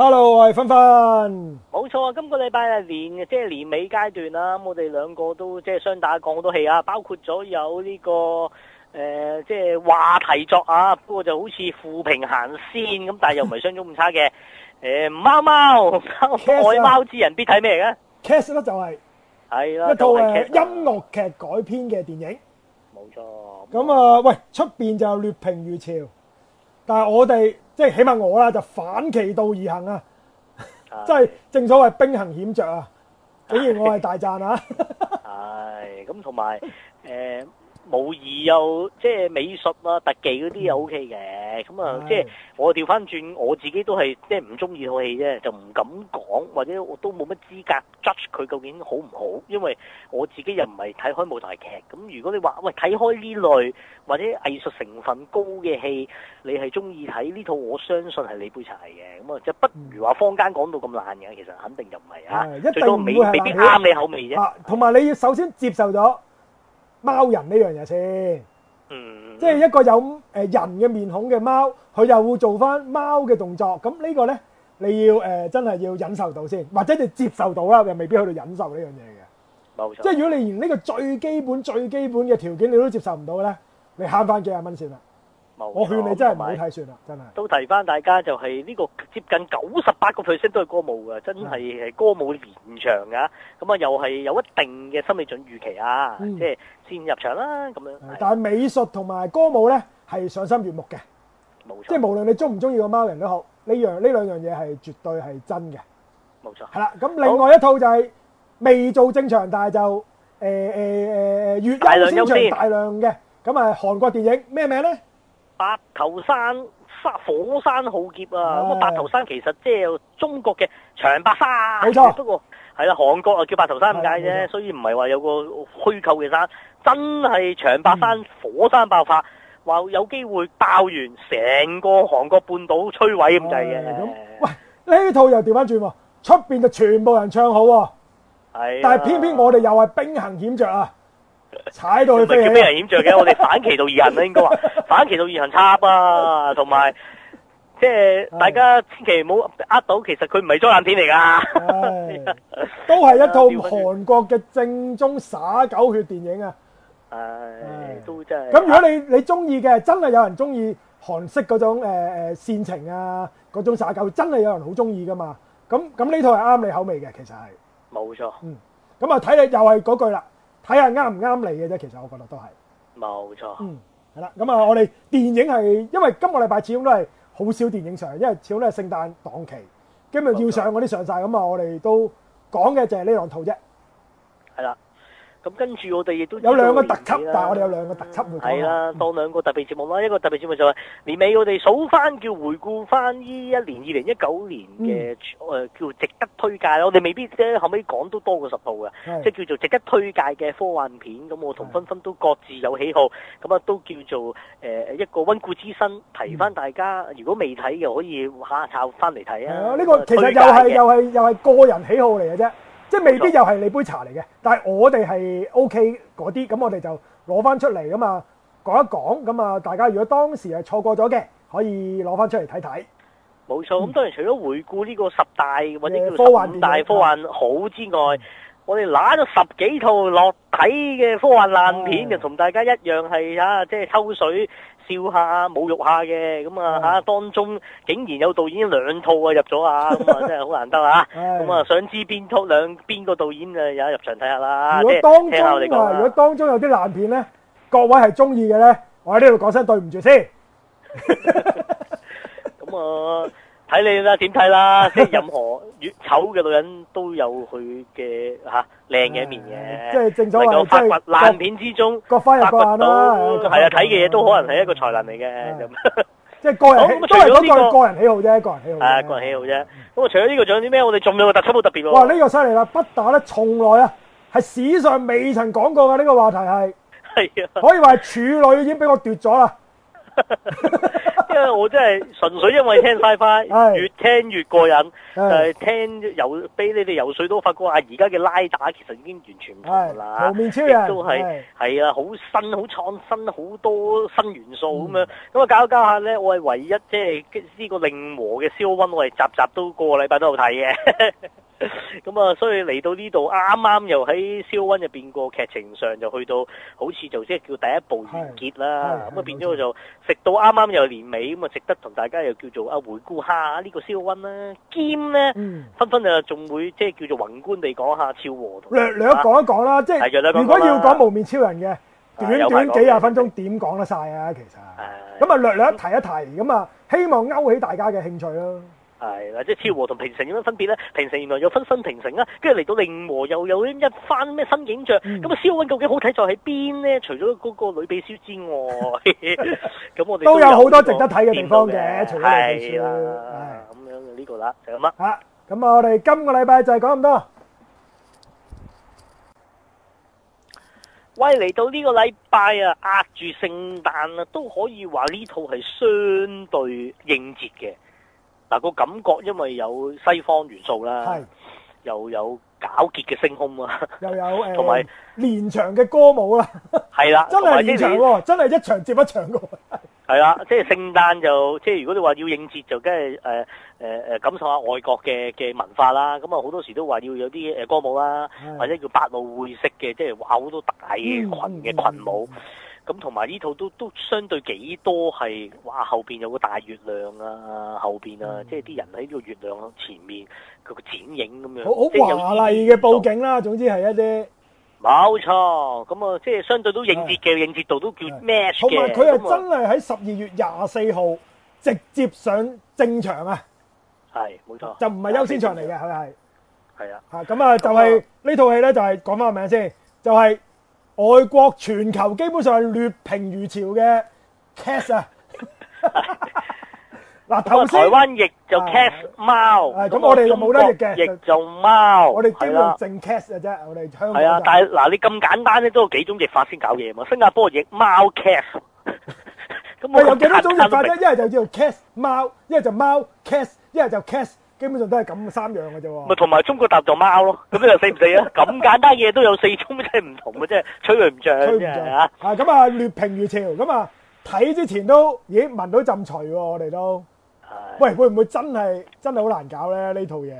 hello，我係芬芬，冇錯啊！今個禮拜係年，即係年尾階段啦。咁我哋兩個都即係雙打講好多戲啊，包括咗有呢、這個誒、呃，即係話題作啊。不、那、過、個、就好似負評行先咁， 但係又唔係相中咁差嘅。誒、呃，貓貓，愛貓之人必睇咩嘅？Cats 咧就係、是、係啦，一套、就是 uh, 音樂劇改編嘅電影，冇錯。咁啊，喂，出邊就劣評如潮，但係我哋。即係起碼我啦就反其道而行啊！即係正所謂兵行險著，竟然啊， 反而我係大讚啊！係咁同埋誒。無疑又即係美術啊、特技嗰啲又 O K 嘅，咁、嗯、啊即係我調翻轉，我自己都係即係唔中意套戲啫，就唔敢講，或者我都冇乜資格 judge 佢究竟好唔好，因為我自己又唔係睇開舞台劇。咁如果你話喂，睇開呢類或者藝術成分高嘅戲，你係中意睇呢套，我相信係你杯茶嘅。咁啊，就不如話坊間講到咁爛嘅，其實肯定就唔係啊、嗯，最多未必啱你口味啫。同、啊、埋你要首先接受咗。貓人呢樣嘢先，即係一個有誒人嘅面孔嘅貓，佢又會做翻貓嘅動作。咁呢個咧，你要誒真係要忍受到先，或者你接受到啦，又未必去到忍受呢樣嘢嘅。冇錯，即係如果你連呢個最基本最基本嘅條件你都接受唔到咧，你慳翻幾廿蚊先啦。我勸你真係唔好睇算啦，真係都提翻大家，就係呢個接近九十八個 percent 都係歌舞嘅，真係係歌舞連場㗎。咁啊，又係有一定嘅心理準預期啊，即係先入場啦咁樣。但係美術同埋歌舞咧係賞心悅目嘅，冇錯。即係無論你中唔中意個貓人都好，呢樣呢兩樣嘢係絕對係真嘅，冇錯。係啦，咁另外一套就係未做正常，但係就誒誒誒，越音先長大量嘅咁啊，韓國電影咩名咧？白頭山山火山浩劫啊！咁白頭山其實即係中國嘅長白山，冇錯。不過係啦，韓國啊叫白頭山咁解啫，所以唔係話有個虛構嘅山，真係長白山，嗯、火山爆發，話有機會爆完成個韓國半島摧毀咁滯嘅。咁喂，呢套又調翻轉，出邊就全部人唱好，係，但係偏偏我哋又係兵行險着啊！踩到佢，唔係叫俾人掩着嘅，我哋反其道而行啦，應該話反其道而行差啊，同埋即係大家千祈唔好呃到，其實佢唔係災難片嚟噶，都係一套韓國嘅正宗灑狗血電影啊！誒，都真係咁，如果你你中意嘅，真係有人中意韓式嗰種誒誒煽情啊，嗰種灑狗，真係有人好中意噶嘛！咁咁呢套係啱你口味嘅，其實係冇錯，嗯，咁啊睇你又係嗰句啦。睇下啱唔啱你嘅啫，其實我覺得都係，冇錯。嗯，係啦，咁啊，我哋電影係因為今個禮拜始終都係好少電影上，因為始終都係聖誕檔期，今日要上嗰啲上晒。咁啊，我哋都講嘅就係呢兩套啫，係啦。咁跟住我哋亦都有兩個特輯，但係我哋有兩個特輯，係、嗯、啦，當兩個特別節目啦、嗯。一個特別節目就係、是、年尾我哋數翻，叫回顧翻呢一年二零一九年嘅、嗯、叫值得推介我哋未必即後尾講都多過十部嘅，即叫做值得推介嘅科幻片。咁我同分分都各自有喜好，咁啊都叫做誒一個溫故知新、嗯。提翻大家。如果未睇嘅可以下抄翻嚟睇啊！呢、嗯、個其實又係又係又係個人喜好嚟嘅啫。即係未必又係你杯茶嚟嘅，但係我哋係 OK 嗰啲，咁我哋就攞翻出嚟咁嘛，講一講，咁啊大家如果當時係錯過咗嘅，可以攞翻出嚟睇睇。冇錯，咁當然除咗回顧呢個十大或者科幻大科幻好之外，我哋拿咗十幾套落底嘅科幻爛片，就、嗯、同大家一樣係啊，即係抽水。笑下侮辱下嘅，咁啊吓當中竟然有導演兩套啊入咗啊，咁啊真係好難得啊！咁啊想知邊套兩邊個導演就有入場睇下啦。如果當中啊，如果當中有啲爛片咧，各位係中意嘅咧，我喺呢度講聲對唔住先。咁我。睇你啦，點睇啦？即係任何越醜嘅女人都有佢嘅嚇靚嘅一面嘅， 即能夠發掘爛片之中各各各、啊、發掘到，係啊！睇嘅嘢都可能係一個才能嚟嘅。 即係個人喜，咁、哦、除、這個、個人喜好啫，個人喜好。啊，個人喜好啫。咁啊，除咗呢個仲有啲咩？我哋仲有個突出好特別喎、啊。哇！呢、這個犀利啦，不打咧從來啊係史上未曾講過嘅呢、這個話題係，係可以話係處女已經俾我奪咗啦。 因為我真係純粹因為聽曬快 越聽越過癮。 呃、聽由俾你哋游水都發覺啊，而家嘅拉打其實已經完全唔同啦嚇，幪面超人都係係啊，好新好創新好多新元素咁、嗯、樣咁啊，搞，一搞一下搞下咧，我係唯一即係呢個令和嘅 Zero One 我係集集都個個禮拜都好睇嘅。 咁啊，所以嚟到呢度啱啱又喺《Zero One》入邊個劇情上就去到，好似就即係叫第一部完結啦。咁啊，就變咗就食到啱啱又年尾，咁啊，值得同大家又叫做啊回顧下呢個《Zero、嗯、One》啦、《兼咧，分分啊仲會即係叫做宏觀地講下超和同略略講一講啦、啊。即係如果要講幪面超人嘅、啊、短短幾廿分鐘，點、啊、講得晒啊？其實咁啊，略略提一提，咁啊，希望勾起大家嘅興趣啦。係啦，即係《昭和》同《平成》有乜分別咧？《平成》原來有分新《平成》啦，跟住嚟到《令和》又有一番咩新景象？咁《昭和》究竟好睇在喺邊呢？除咗嗰個女秘書之外，咁 我哋都有好、嗰個、多值得睇嘅地方嘅。係啦，咁樣呢個啦，就咁啦。吓，咁啊，我哋今個禮拜就係講咁多。喂，嚟到呢個禮拜啊，壓住聖誕啊，都可以話呢套係相對應節嘅。嗱，個感覺，因為有西方元素啦，又有皎潔嘅星空啊，又有誒，同、呃、埋連場嘅歌舞啦，係啦，真係連場喎，真係一場接一場喎。係啦，即係聖誕就即係如果你話要應節就梗係誒誒誒感受下外國嘅嘅文化啦，咁啊好多時都話要有啲歌舞啦，或者叫百老匯式嘅，即係話好多大的群嘅群舞。嗯嗯嗯。咁同埋呢套都都相對幾多係，哇後面有個大月亮啊，後面啊，嗯、即係啲人喺呢個月亮前面佢個剪影咁樣，好好華麗嘅佈景啦，總之係一啲冇錯，咁啊即係相對都應節嘅，應節度都叫咩？同埋佢係真係喺十二月廿四號直接上正場啊，係冇錯，就唔係優先場嚟嘅，係咪？係啊，吓咁啊就係呢套戲咧就係講翻個名先，就係、係。外國全球基本上係劣評如潮嘅 Cats 啊，嗱，頭台灣譯就 Cats 貓，咁、啊、我哋就冇得譯嘅。譯做貓，我哋只用淨 Cats 嘅啫。我哋係、就是、啊，但係嗱，啊、你咁簡單咧，都要幾種譯法先搞嘢嘛？新加坡譯貓 Cats，咁我 有幾多種譯法啫？一係就叫做 Cats 貓，一係就貓 Cats，一係就，就 Cats。基本上都係咁三樣嘅啫喎，咪同埋中國搭助貓咯，咁又四唔四啊？咁 簡單嘢都有四冲真係唔同嘅，真係吹佢唔吹脹，吓 啊，咁、嗯、啊，劣評如潮，咁、嗯、啊，睇之前都已經聞到陣除喎，我哋都，喂，會唔會真係真係好難搞咧？呢套嘢，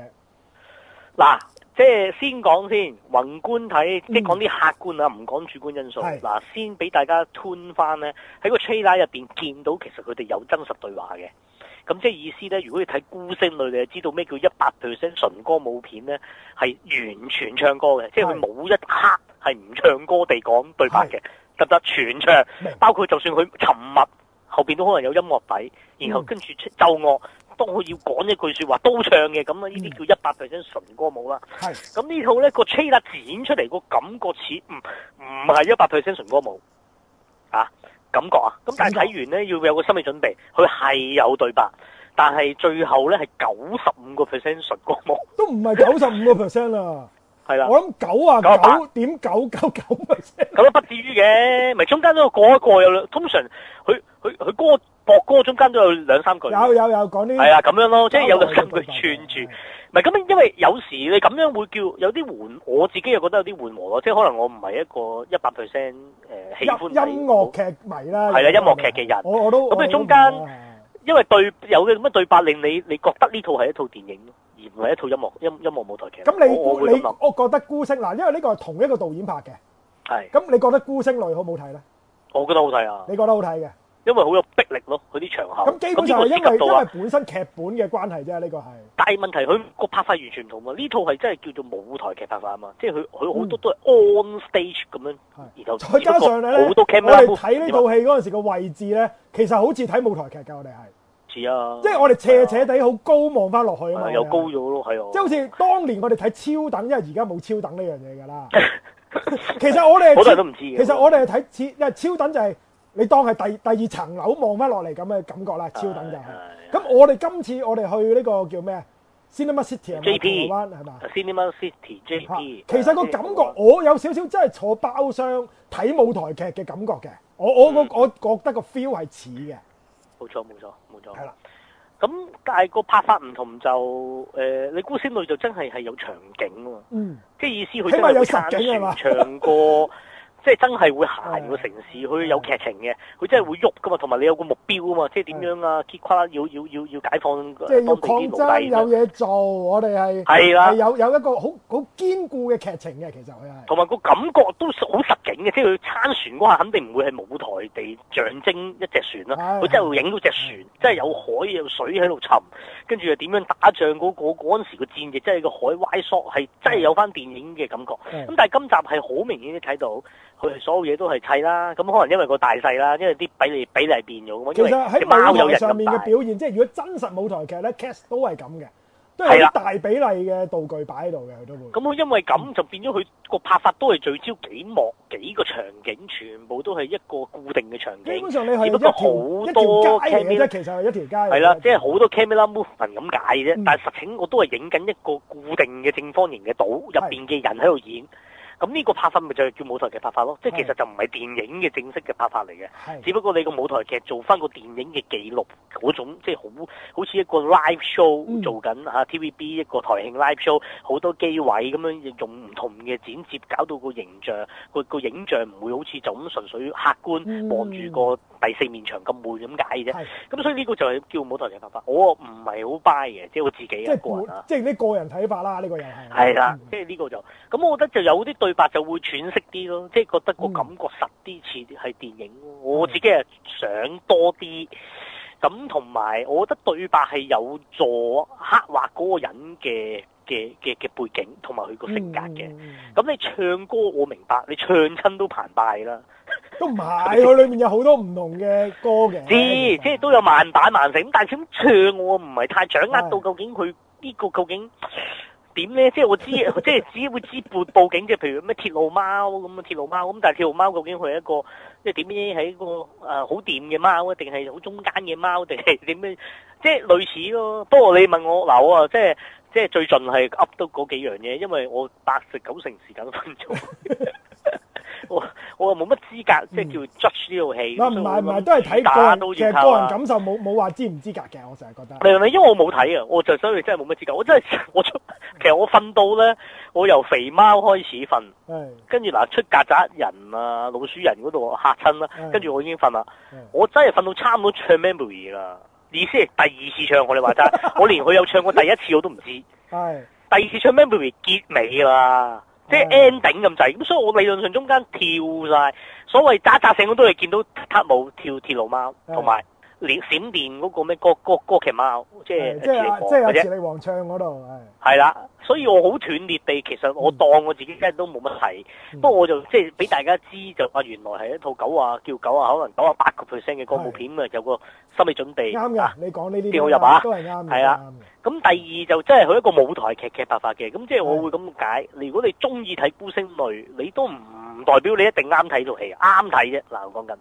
嗱，即係先講先宏觀睇，即係講啲客觀啊，唔、嗯、講主觀因素。嗱，先俾大家吞 u r 翻咧，喺個吹 h 入邊見到，其實佢哋有真實對話嘅。咁即係意思咧，如果你睇孤星淚，你就知道咩叫一百 percent 純歌舞片咧，係完全唱歌嘅，即係佢冇一刻係唔唱歌地講對白嘅，得唔得？全唱，包括就算佢沉默，後面都可能有音樂底，然後跟住奏樂，當佢要講一句說話都唱嘅，咁啊呢啲叫一百 percent 純歌舞啦。係，咁呢套咧、這個 trailer 剪出嚟個感覺似唔唔係一百 percent 純歌舞啊？感覺啊，咁但係睇完咧，要有個心理準備，佢係有對白，但係最後咧係九十五個 percent 純歌目，都唔係 想 99. 九十五個 percent 啦，係啦，我諗九啊九點九九九 percent，咁都不至於嘅，咪中間都過一過有，通常佢佢佢歌。歌中間都有兩三句，有有有講啲係啊，咁樣咯，即係有兩三句串住。唔係咁，因為有時你咁樣會叫有啲緩，我自己又覺得有啲緩和咯。即係可能我唔係一個一百 percent 誒喜歡音樂劇迷啦，係啦，音樂劇嘅人。我我都咁樣中間，因為對有啲咁嘅對白令你你覺得呢套係一套電影，而唔係一套音樂音音樂舞台劇。咁你你我覺得孤星淚啦，因為呢個係同一個導演拍嘅，係咁你覺得孤星淚好唔好睇咧？我覺得好睇啊！你覺得好睇嘅？因為好有迫力咯，佢啲場合咁基本上係、呢個涉及、到啊，因為本身劇本嘅關係啫，呢、呢個係大問題。佢個拍法完全唔同啊！呢套係真係叫做舞台劇拍法啊嘛，嗯、即係佢佢好多都係 on stage 咁樣，然後再加上咧，多我哋睇呢套戲嗰陣時個位置咧，其實好似睇舞台劇㗎。我哋係似啊，即係我哋斜斜地好高望翻落去啊嘛，又高咗咯，係、啊、即係好似當年我哋睇超等，因為而家冇超等呢樣嘢噶啦。其實我哋其實我哋係睇似，因為超等就係、是。你當係第二第二層樓望翻落嚟咁嘅感覺啦，超等就係。咁、哎哎哎、我哋今次我哋去呢個叫咩啊？Cinema City, JP 係嘛 JP，係嘛 Cinema City JP，啊，jp 灣 Cinema City JP。其實個感覺我有少少真係坐包廂睇舞台劇嘅感覺嘅。我、嗯、我我我覺得個 feel 係似嘅。冇錯冇錯冇錯。係啦。咁但係個拍法唔同就誒、呃，你觀先類就真係係有場景嗯。即係意思佢真係有山船，船唱歌。 即係真係會行個城市，佢、哎、有劇情嘅，佢真係會喐㗎嘛，同埋你有個目標啊嘛，即係點樣啊？揭跨要要要要解放要當地啲奴隸係有嘢做，我哋係係啦，有有一個好好堅固嘅劇情嘅，其實佢係同埋個感覺都好實景嘅，即係佢撐船嗰下肯定唔會係舞台地象徵一隻船啦，佢真係會影到隻船，哎船哎、即係有海有水喺度沉，跟住又點樣打仗嗰嗰嗰陣時個戰役，即係個海歪索，係真係有翻電影嘅感覺。咁、哎、但係今集係好明顯睇到。佢哋所有嘢都係砌啦，咁可能因為個大細啦，因為啲比例比例係變咗嘅嘛。其實喺貓有人上面嘅表現，即係如果真實舞台劇咧，cast 都係咁嘅，都係大比例嘅道具擺喺度嘅，佢都會。咁我因為咁、嗯、就變咗佢個拍法都係聚焦幾幕幾個場景，全部都係一個固定嘅場景。基本上你係一條不多一條，其實係一條街。係啦，即係好多 camera movement 咁解啫，嗯、但係實情我都係影緊一個固定嘅正方形嘅島入邊嘅人喺度演。咁呢個拍法咪就係叫舞台劇拍法咯，即係其實就唔係電影嘅正式嘅拍法嚟嘅，只不過你個舞台劇做翻個電影嘅記錄嗰種，即係好好似一個 live show 做緊啊 TVB 一個台慶 live show，好、嗯、多機位咁樣用唔同嘅剪接，搞到個形象、個影像唔會好似就咁純粹客觀望住個第四面牆咁悶咁解嘅啫。咁、嗯、所以呢個就係叫舞台劇拍法，我唔係好 buy 嘅，即係我自己一個人、啊、即係你個人睇法啦，呢個人係。係啦，嗯、即係呢個就，咁我覺得就有啲對。對白就會喘息啲咯，即係覺得個感覺實啲，似啲係電影，嗯、我自己係想多啲，咁同埋我覺得對白係有助刻畫嗰個人嘅嘅嘅嘅背景，同埋佢個性格嘅。咁、嗯、你唱歌，我明白你唱親都澎湃啦，都唔係佢裏面有好多唔同嘅歌嘅，知即係都有慢打慢醒。但係咁唱我唔係太掌握到究竟佢呢、呢個究竟。點咧？即係我知，我即係只會知報報警嘅，譬如咩鐵路貓咁啊，鐵路貓咁。但係鐵路貓究竟佢係一個即係點樣喺個誒好掂嘅貓啊？定係好中間嘅貓，定係點樣？即係類似咯。不過你問我樓啊，即係即係最盡係噏到嗰幾樣嘢，因為我八十九成時間都瞓著 我我冇乜資格，即係叫 judge 呢套戲。嗱唔係唔係，都係睇過，其實個人感受冇冇話資唔資格嘅，我成日覺得。你明唔明？因為我冇睇啊， 我就所以真係冇乜資格。我真係我出，其實我瞓到咧，我由肥貓開始瞓，跟住嗱出曱甴人啊老鼠人嗰度嚇親啦，跟住我已經瞓啦。我真係瞓到差唔多唱 memory 啦，意思係第二次唱 我哋話齋，我連佢有唱過第一次我都唔知。係第二次唱 memory 結尾啦。 即係 ending 咁滯，咁所以我理論上中間跳晒，所謂扎扎聲我都係見到塔姆跳鐵路貓，同埋連閃電嗰個咩歌歌歌劇貓，即係 即係即係有似李王唱嗰度，係係啦。 所以我好斷裂地，其實我當我自己跟都冇乜係，不、嗯、過我就即係俾大家知就原來係一套九啊，叫九啊，可能九啊八個 percent 嘅歌舞片啊，有個心理準備。啱嘅、啊，你講呢啲都入啱嘅。係啊。咁、嗯、第二就真係佢一個舞台劇劇拍法嘅，咁即係我會咁解。如果你中意睇孤星淚，你都唔代表你一定啱睇套戲，啱睇啫。嗱我講緊，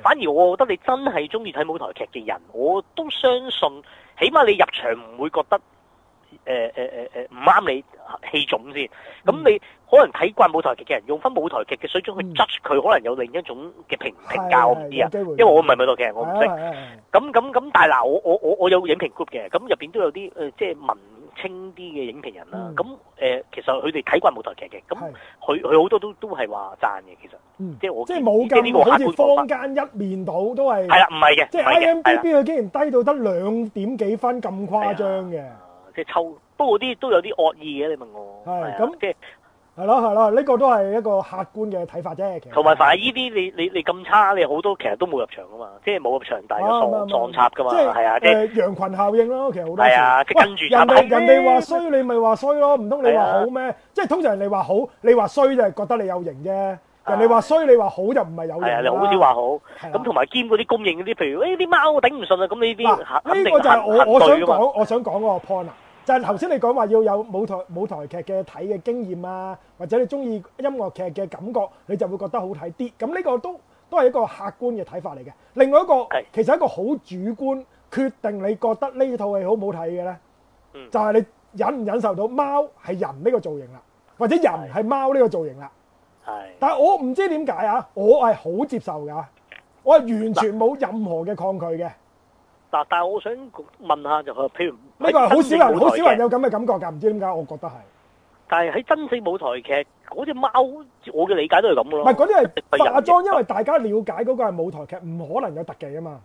反而我覺得你真係中意睇舞台劇嘅人，我都相信，起碼你入場唔會覺得。誒誒誒誒唔啱你戲種先，咁你可能睇慣舞台劇嘅人用翻舞台劇嘅水準去質佢，嗯，可能有另一種嘅評價，我唔知啊。因為我唔係舞台劇人，我唔識。咁咁咁，但嗱，我我我我有影評 group 嘅，咁入邊都有啲誒、呃，即係文青啲嘅影評人啦。咁、嗯、誒、嗯，其實佢哋睇慣舞台劇嘅，咁佢佢好多都都係話讚嘅，其實。嗯、即係我即係冇，呢個好似坊間一面倒都係。係啊，唔係嘅。即係 IMDB 佢竟然低到得兩點幾分咁誇張嘅。即係抽，不過啲都有啲惡意嘅。你問我係咁，嘅，係係咯係咯，呢、啊就是呢個都係一個客觀嘅睇法啫。同埋凡係呢啲，你你你咁差，你好多其實都冇入場噶嘛，即係冇入場，大個撞插噶嘛，係啊，羊群效應咯，其實好多時。係啊，跟住插人哋人哋話衰，你咪話衰咯，唔通你話好咩？即係通常人哋話好，你話衰就係、是、覺得你有型啫。人哋話衰，你話好就唔係有型。你好少話好。咁同埋兼嗰啲供應嗰啲，譬如啲、哎、貓頂，頂唔順啊，咁呢啲肯定我想講，我想講個 point 就係頭先你講話要有舞台舞台劇嘅睇嘅經驗啊，或者你中意音樂劇嘅感覺，你就會覺得好睇啲。咁呢個都都係一個客觀嘅睇法嚟嘅。另外一個其實一個好主觀決定，你覺得呢套戲好唔好睇嘅呢，嗯，就係、係、你忍唔忍受到貓係人呢個造型啦，或者人係貓呢個造型啦。但係我唔知點解啊，我係好接受㗎，我係完全冇任何嘅抗拒嘅。嗱，但係我想問下，就譬如呢個好少人，好少人有咁嘅感覺㗎，唔知點解？我覺得係。但係喺真正舞台劇嗰隻貓，我嘅理解都係咁嘅咯。唔係嗰啲係化妝，因為大家瞭解嗰個係舞台劇，唔可能有特技啊嘛。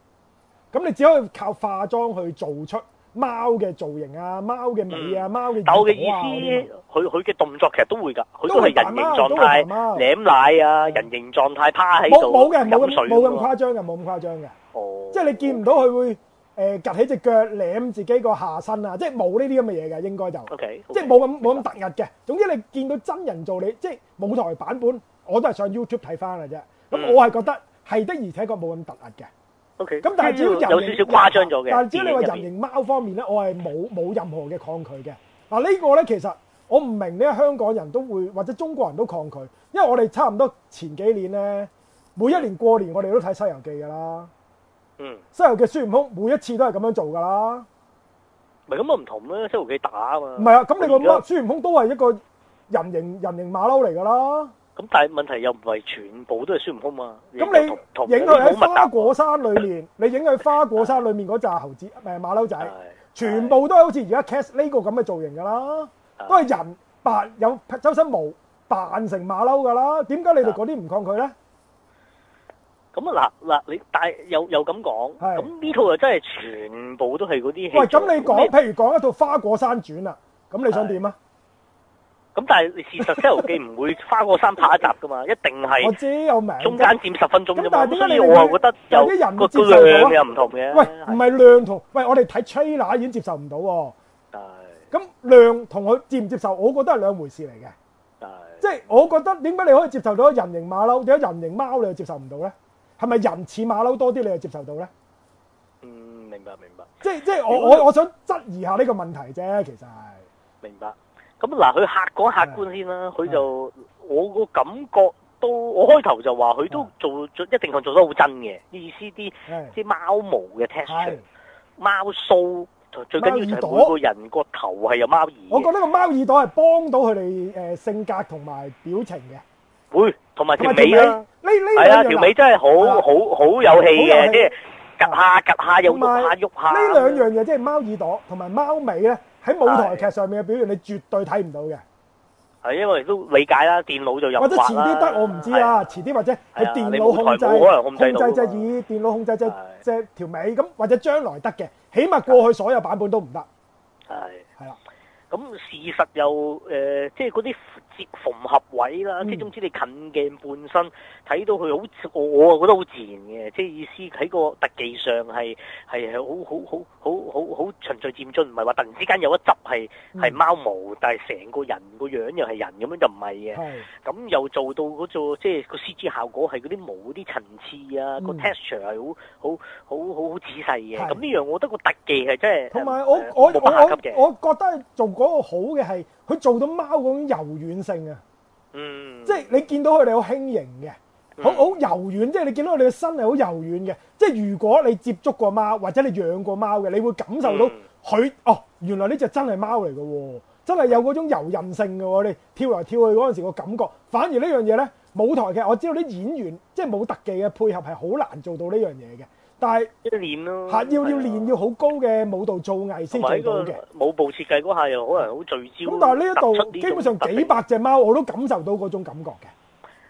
咁你只可以靠化妝去做出貓嘅造型啊，貓嘅尾啊，貓嘅豆嘅意思，佢佢嘅動作其實都會㗎，佢都係人形狀態舐奶啊，人形狀態趴喺度飲水，冇咁誇張嘅，冇咁誇張嘅。哦，即係你見唔到佢會。誒、呃、趌起隻腳舐自己個下身啊，即係冇呢啲咁嘅嘢嘅，應該就，okay, okay，即係冇咁冇咁突兀嘅。總之你見到真人做你，即係舞台版本，我都係上 YouTube 睇翻嘅啫。咁、嗯、我係覺得係的，的，而且確冇咁突兀嘅。O K。咁但係只要人有少少誇張咗嘅，但係只要你話人形貓方面咧，我係冇冇任何嘅抗拒嘅。嗱、啊呢個、呢個咧其實我唔明呢，香港人都會或者中國人都抗拒，因為我哋差唔多前幾年咧，每一年過年我哋都睇《西遊記》㗎啦。嗯，西遊記孫悟空每一次都係咁樣做噶啦，咪咁啊唔同啦，西遊記打啊嘛。唔係啊，咁你個孫悟空都係一個人形人形馬騮嚟噶啦。咁但係問題又唔係全部都係孫悟空啊。咁你影佢喺花果山裏面，你影佢花果山裏面嗰紮猴子，誒馬騮仔，全部都係好似而家 Cats 呢個咁嘅造型噶啦、呃，都係人、呃、扮有周身毛扮成馬騮噶啦。點解你哋嗰啲唔抗拒咧？咁啊，嗱嗱你，但係又又咁講，咁呢套又真係全部都係嗰啲戲。喂，咁你講，譬如講一套《花果山傳》啊，咁你想點啊？咁但係你事實《西遊記》唔會花果山拍一集㗎嘛？一定係我知我明，中間佔十分鐘啫嘛。咁所以我啊覺得有啲人唔接受到啊。又唔同嘅。喂，唔係量同喂，我哋睇《Chyna》已經接受唔到喎。係。咁量同佢接唔接受，我覺得係兩回事嚟嘅。係。即係我覺得點解你可以接受到人形馬騮，點解人形貓你又接受唔到咧？係咪人似馬騮多啲你就接受到咧？嗯，明白明白。即係即係我我我想質疑下呢個問題啫，其實係明白。咁嗱，佢客講客觀先啦，佢就我個感覺都，我開頭就話佢都做，做一定係做得好真嘅，意思啲啲貓毛嘅 texture，貓須最緊要就每個人個頭係有貓耳。我覺得個貓耳朵係幫到佢哋、呃、性格同埋表情嘅。會同埋條尾,呢條尾兩樣啊！呢呢係啊，條尾真係好好好有氣嘅，即係及下及下又喐下喐下。呢兩樣嘢即係貓耳朵同埋貓尾咧，喺舞台劇上面嘅表現你絕對睇唔到嘅。係、啊、因為都理解啦，電腦就有，或者遲啲得我唔知啊，遲啲或者係電腦控制,、啊、控,制的控制就以電腦控制就即係條尾咁、啊，或者將來得嘅，起碼過去所有版本都唔得。係係啦，咁、啊、事實又誒、呃，即係嗰啲。接縫合位啦，即係總之你近鏡半身睇到佢好，我我又覺得好自然嘅，即係意思喺個特技上係係係好好好好好好循序漸進，唔係話突然之間有一集係係貓毛，但係成個人個樣又係人咁樣就唔係嘅。咁又做到嗰個即係個 CG 效果係嗰啲毛啲層次啊，個 texture 係好好好好好仔細嘅。咁呢樣我覺得個特技係真係冇咁我，我，我下級嘅。我覺得做嗰個好嘅係。佢做到貓嗰種柔軟性啊、嗯，即係你見到佢哋好輕盈嘅，好、嗯、好柔軟。即、就、係、是、你見到佢哋嘅身係好柔軟嘅。即係如果你接觸過貓或者你養過貓嘅，你會感受到佢、嗯、哦，原來呢隻真係貓嚟嘅喎，真係有嗰種柔韌性嘅喎。你跳嚟跳去嗰陣時個感覺，反而呢樣嘢呢，舞台劇我知道啲演員即係冇特技嘅配合係好難做到呢樣嘢嘅。但係，要練咯，吓，要要練，要好高嘅舞蹈造詣先做到嘅。舞步設計嗰下又可能好聚焦。咁但係呢一度基本上幾百隻貓我都感受到嗰種感覺嘅。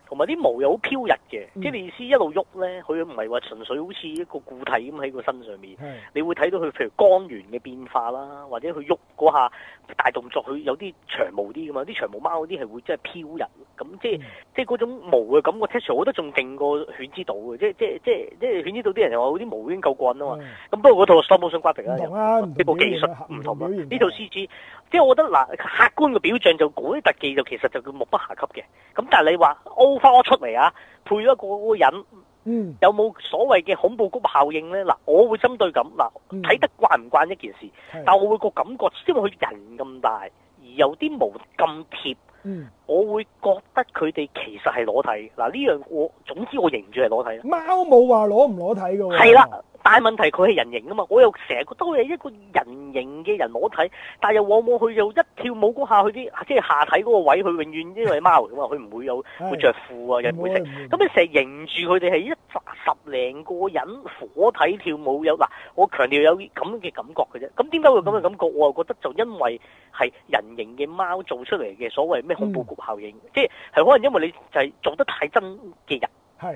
同埋啲毛又好飄逸嘅、嗯，即你意思一路喐咧，佢唔係話純粹好似一個固體咁喺個身上面，你會睇到佢譬如光源嘅變化啦，或者佢喐嗰下大動作，佢有啲長毛啲咁嘛。啲長毛貓嗰啲係會真係飄逸，咁即係、嗯、即係嗰種毛嘅感覺。t e s l 我覺得仲勁過犬之島嘅，即係即係即係即係犬之島啲人話，嗰啲毛已經夠過癮啊嘛。咁、嗯、不過嗰套 stop motion 啊，呢部技術唔同啦、啊，呢套獅子，CG, CG，即係我覺得嗱，客觀嘅表象就嗰啲特技就其實就叫目不暇給嘅。咁但係你話拖出嚟啊！配咗個個人，嗯、有冇所謂嘅恐怖谷效應咧？嗱，我會針對咁嗱，睇得慣唔慣一件事，嗯、但我會個感覺，因為佢人咁大，而有啲毛咁貼。嗯我會覺得佢哋其實係裸體嗱，呢樣我總之我認唔住係裸體。貓冇話攞唔攞體㗎喎、啊。係啦，大問題佢係人形㗎嘛，我又成日都係一個人形嘅人裸體，但係又往往佢又一跳舞嗰下，佢啲即係下體嗰個位，佢永遠因為貓㗎嘛，佢唔會有 會着褲啊，又唔會識，咁你成日認住佢哋係一紮十零個人火體跳舞有嗱，我強調有咁嘅感覺嘅啫。咁點解會咁嘅感覺、嗯？我又覺得就因為係人形嘅貓做出嚟嘅所謂咩恐怖谷。嗯效應，即係係可能因為你就係做得太真嘅人，係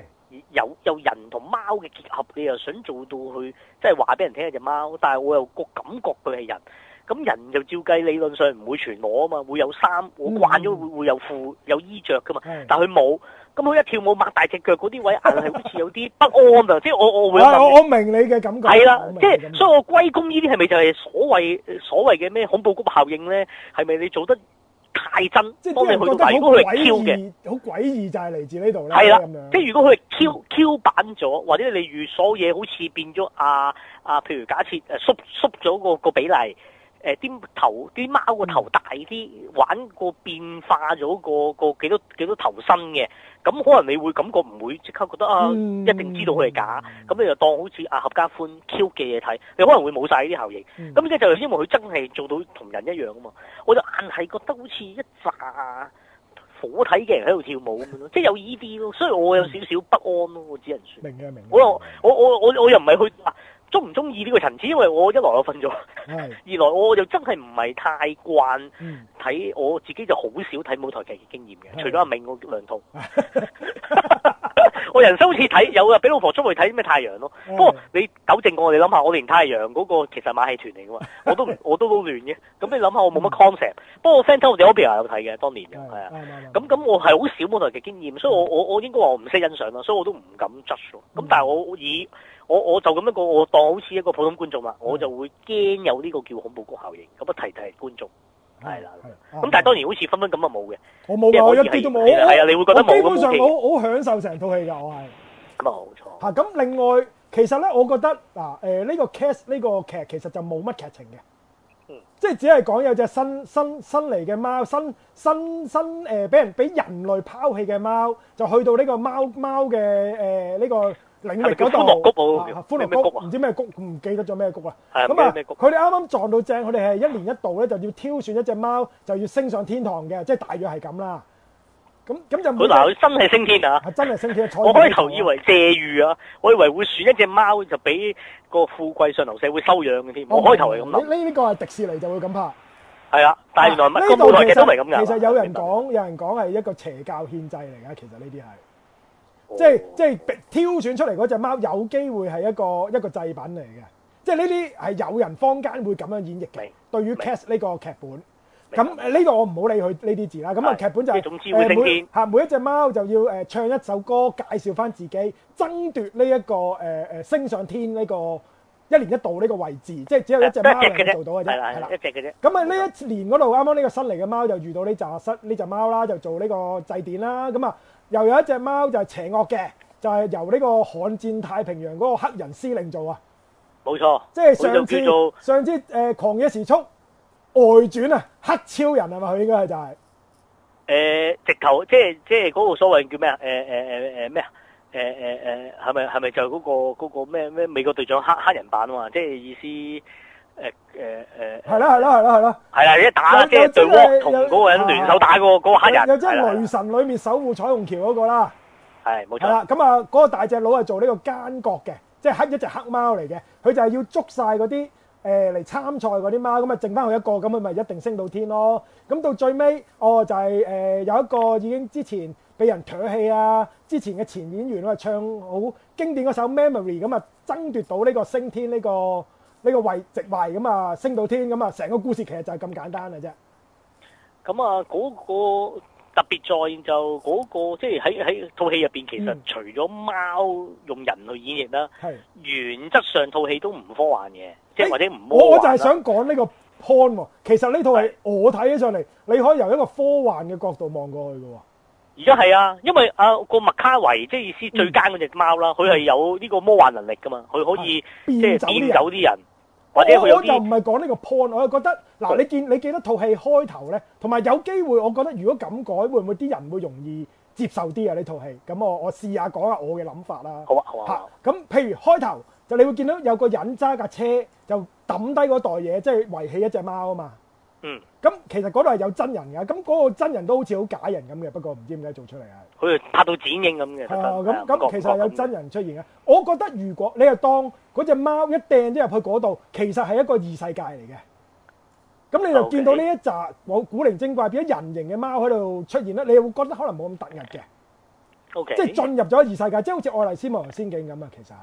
有有人同貓嘅結合，你又想做到去，即係話俾人聽係隻貓，但係我又個感覺佢係人，咁人就照計理論上唔會全裸啊嘛，會有衫，嗯，我慣咗會會有褲有衣着噶嘛，但係佢冇，咁佢一跳舞擘大隻腳嗰啲位置，硬係好似有啲不安啊，即 係我我會我，我明你嘅感覺，係啦，即係所以我歸功呢啲係咪就係所謂所謂嘅咩恐怖谷效應咧？係咪你做得？太真，即係幫你去到睇。如果佢係 Q 嘅，好詭異就係嚟自呢度咧。係啦，即係如果佢係 Q Q 版咗、嗯，或者你預所有嘢好似變咗啊啊，譬如假設誒縮縮咗個個比例。誒、呃、啲頭啲貓個頭大啲，玩個變化咗個個幾多幾多頭身嘅，咁可能你會感覺唔會即刻覺得啊、嗯，一定知道佢係假，咁、嗯嗯、你就當好似啊合家歡 Q 嘅嘢睇，你可能會冇晒呢啲效應。咁即家就係因為佢真係做到同人一樣啊嘛，我就硬係覺得好似一紮火體嘅人喺度跳舞咁咯，即、嗯、係、就是、有依啲咯，所以我有少少不安咯，嗯、我只能說明嘅明我我我。我又我我我我又唔係去。中唔中意呢個層次？因為我一來我瞓咗，二來我又真係唔係太慣睇，我自己就好少睇舞台劇嘅經驗嘅。除咗阿明兩套 我人生好似睇有啊，俾老婆出去睇咩太陽咯、啊。 不過你糾正過我，你諗下，我連太陽嗰個其實馬戲團嚟嘅嘛，我都我都好亂嘅。咁你諗下，我冇乜 concept。 不過我 friend 周小 P 有睇嘅，當年嘅係啊。咁咁 我係好少舞台劇經驗，所以我我我應該話我唔識欣賞咯，所以我都唔敢 judge 咁，但係我以我我就咁一個，我當我好似一個普通觀眾嘛，我就會驚有呢個叫恐怖谷效應。咁啊提提觀眾，係、啊、啦。咁、啊、但係當然好似分分咁啊冇嘅，我冇我一啲都冇。係啊，你會覺得冇咁，我基本上好好享受成套戲嘅，我係。咁、嗯、啊，冇錯。吓咁另外，其實咧，我覺得嗱，誒、啊、呢、呃這個 Cats 呢個劇其實就冇乜劇情嘅。即係只係講有隻新新新嚟嘅貓，新新新誒俾、呃、人俾人，人類拋棄嘅貓，就去到呢個貓貓嘅誒呢個。嶺峯嗰度，歡樂谷冇歡樂谷，唔知咩谷，唔記得咗咩谷啦。咁啊，佢哋啱啱撞到正，佢哋係一年一度咧，就要挑選一隻貓，就要升上天堂嘅，即係大約係咁啦。咁咁就嗱，佢真係升天啊！係真係升天啊！我開頭以為借喻啊，我以為會選一隻貓就俾個富貴上流社會收養嘅添。我開頭係咁諗。呢呢個係迪士尼就會咁拍。係啊，但係原來乜個舞台劇都係咁噶。其實有人講，有人講係一個邪教獻祭嚟噶。其實呢啲係。即係即係挑選出嚟嗰隻貓有機會係一個一個製品嚟嘅。即係呢啲係有人坊間會咁樣演繹嘅。對於 Cats 呢、這個劇本，咁呢個我唔好理佢呢啲字啦。咁啊劇本就係、是、總之會升天，每、每一隻貓就要誒、呃、唱一首歌介紹返自己，爭奪呢、這、一個誒誒升上天呢、這個。一年一度呢個位置，即係只有一隻貓就做到嘅啫。係啦，係啦，一隻嘅啫。咁啊，呢一,一年嗰度啱啱呢個新嚟嘅貓就遇到呢隻呢隻貓啦，就做呢個祭典啦。咁啊，又有一隻貓就係邪惡嘅，就係、是、由呢個《悍戰太平洋》嗰個黑人司令做啊。冇錯，即係上次做上次誒、呃《狂野時速》外傳啊，黑超人係嘛？佢應該係就係、是、誒、呃、直頭，即係即係嗰個所謂叫咩啊？誒咩啊？呃呃誒誒誒，係咪係咪就嗰、那個嗰、那個咩咩美國隊長黑黑人版啊嘛？即係意思誒誒誒。係啦係啦係啦係啦。係、呃、啦，一打啦，即係隊鍋同嗰個人聯手打嗰個黑人。又即係雷神裏面守護彩虹橋嗰個啦。係冇錯。啦，咁啊嗰個大隻佬係做呢個奸角嘅，即係黑一隻黑貓嚟嘅，佢就係要捉晒嗰啲誒嚟參賽嗰啲貓，咁啊剩翻佢一個，咁佢咪一定升到天咯。咁到最尾，哦就係、是、誒、呃、有一個已經之前。俾人攞戲啊！之前嘅前演員啊，唱好經典嗰首 Memory 咁啊，爭奪到呢個升天呢、這個呢、這個位直位咁啊，升到天咁啊，成個故事其實就係咁簡單嘅啫、嗯。咁、嗯、啊，嗰個特別在就嗰個即係喺喺套戲入面，其實除咗貓用人類演繹啦，係原則上套戲都唔科幻嘅，即係或者唔我我就係想講呢個 point 喎。其實呢套戲我睇起上嚟，你可以由一個科幻嘅角度望過去㗎喎。而家係啊，因為啊個麥卡維即係意思是最奸嗰隻貓啦，佢、嗯、係有呢個魔幻能力噶嘛，佢可以即係、啊、變走啲人，或者佢我，我就唔係講呢個 point，我又覺得嗱，你見你記得套戲開頭咧，同埋有機會，我覺得如果咁改，會唔會啲人會容易接受啲啊？呢套戲，咁我我試下講下我嘅諗法啦。好啊，好啊。吓、啊，咁、啊、譬如開頭就你會見到有個人揸架車就抌低嗰袋嘢，即係遺棄一隻貓啊嘛。嗯，咁其實嗰度係有真人噶，咁嗰個真人都好似好假人咁嘅，不過唔知點解做出嚟啊？佢拍到剪影咁嘅，係啊，咁咁其實有真人出現啊。我覺得如果你係當嗰隻貓一掟咗入去嗰度，其實係一個異世界嚟嘅。咁你就見到呢一紮古古靈精怪變咗人形嘅貓喺度出現啦，你又會覺得可能冇咁突兀嘅。OK，即係進入咗異世界，即係好似愛麗絲夢遊仙境咁啊，其實係。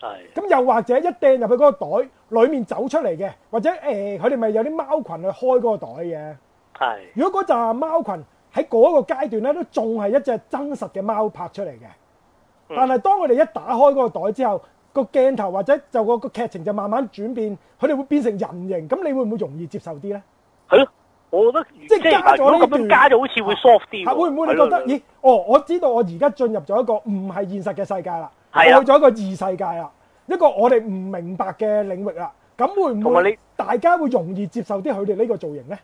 係、嗯，咁又或者一掟入去個袋裏面走出嚟嘅，或者誒，佢哋咪有啲貓群去開個袋嘅。係，如果嗰陣貓群喺嗰個階段咧，都仲係一隻真實嘅貓拍出嚟嘅。但係當佢哋一打開個袋之後，個、嗯、鏡頭或者就個個劇情就慢慢轉變，佢哋會變成人形，咁你會唔會容易接受啲咧？係咯，我覺得即係、就是、加咗呢段，咁樣加就好似會 soft 啲。吓，會唔會你覺得？咦，哦，我知道我而家進入咗一個唔係現實嘅世界啦。是啊，我去咗一個異世界啊，一個我哋唔明白嘅領域啊。咁會唔會大家會容易接受啲佢哋呢個造型咧？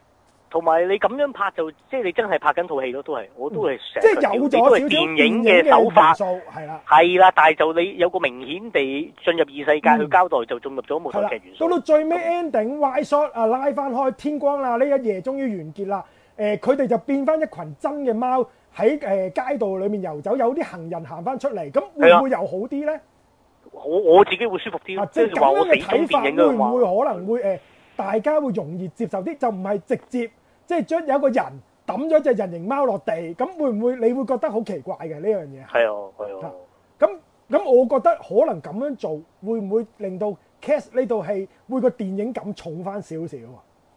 同埋你咁樣拍就即係你真係拍緊套戲咯，都係我都係、嗯、即係有咗少少電影嘅手法，係啦，係啦，啊啊，但係就你有個明顯地進入異世界、嗯、去交代，就進入咗冇錯嘅元素。到到最尾 ending wide shot 啊，-shot, 拉翻開天光啦，呢一夜終於完結啦。誒佢哋就變翻一群真嘅貓喺、呃、街道裏面遊走，有啲行人行翻出嚟，咁會唔會又好啲呢？我我自己會舒服啲，即係話嘅睇法，嘅會唔會可能會、呃、大家會容易接受啲？就唔係直接即係將有一個人抌咗隻人形貓落地，咁會唔會你會覺得好奇怪嘅呢樣嘢？係啊係啊，咁咁我覺得可能咁樣做會唔會令到 Cats 呢套戲會個電影感重翻少少？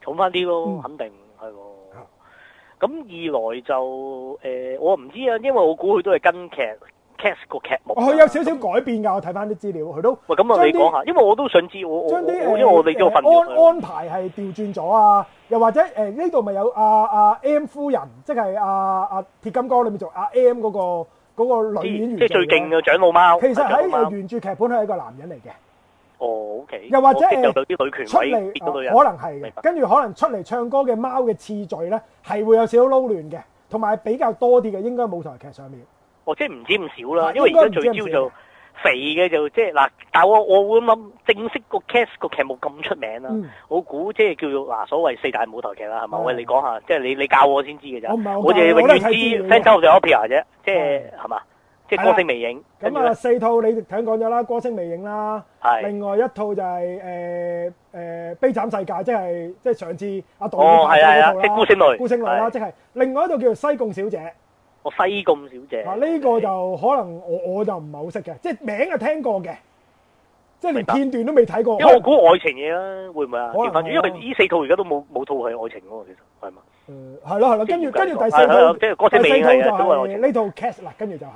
重翻啲咯，肯定。嗯咁二來就誒，我唔知啊，因為我估佢都係跟劇 cast 個劇目。佢有少少改變㗎，我睇翻啲資料，佢都。喂，咁我你講下，因為我都想知我將啲，因為我哋個份安排係調轉咗啊，又或者誒呢度咪有阿阿 M 夫人，即係阿阿鐵金剛裏面做阿 M 嗰個嗰個女演員，即係最勁嘅長老貓。其實喺原著劇本係一個男人嚟嘅。哦，OK。又或者誒，啲女權位，啊、女人可能係嘅。跟住可能出嚟唱歌嘅貓嘅次序咧，係會有少少撈亂嘅，同埋比較多啲嘅應該喺舞台劇上面。哦，即係唔知唔少啦，因為而家最焦就肥嘅就即係嗱，但我我會諗，正式個 cast 個劇目咁出名啦，嗯，我估即係叫做嗱所謂四大舞台劇啦，係、嗯、咪？我哋講下，即係你你教我先知嘅啫，我哋永遠知，Phantom of the Opera 啫，即係係嘛？嗯即歌聲魅影咁啊，是是四套你哋聽講咗啦，歌聲魅影啦，另外一套就係誒誒悲慘世界，即係即係上次阿導演拍嘅嗰套啦，即係孤星淚，孤星淚啦，即係另外一套叫做西貢小姐，哦西貢小姐啊呢，這個就可能我我就唔係好識嘅，即係名係聽過嘅，即係連片段都未睇過，因為我估愛情嘢啦會唔會啊？因為呢四套而家都冇冇套係愛情咯，其實係嘛？誒係咯係咯，跟住跟住第四套，啊對就是影，第四套就係、是、呢、就是就是套 Cats 啦，跟住就係、是。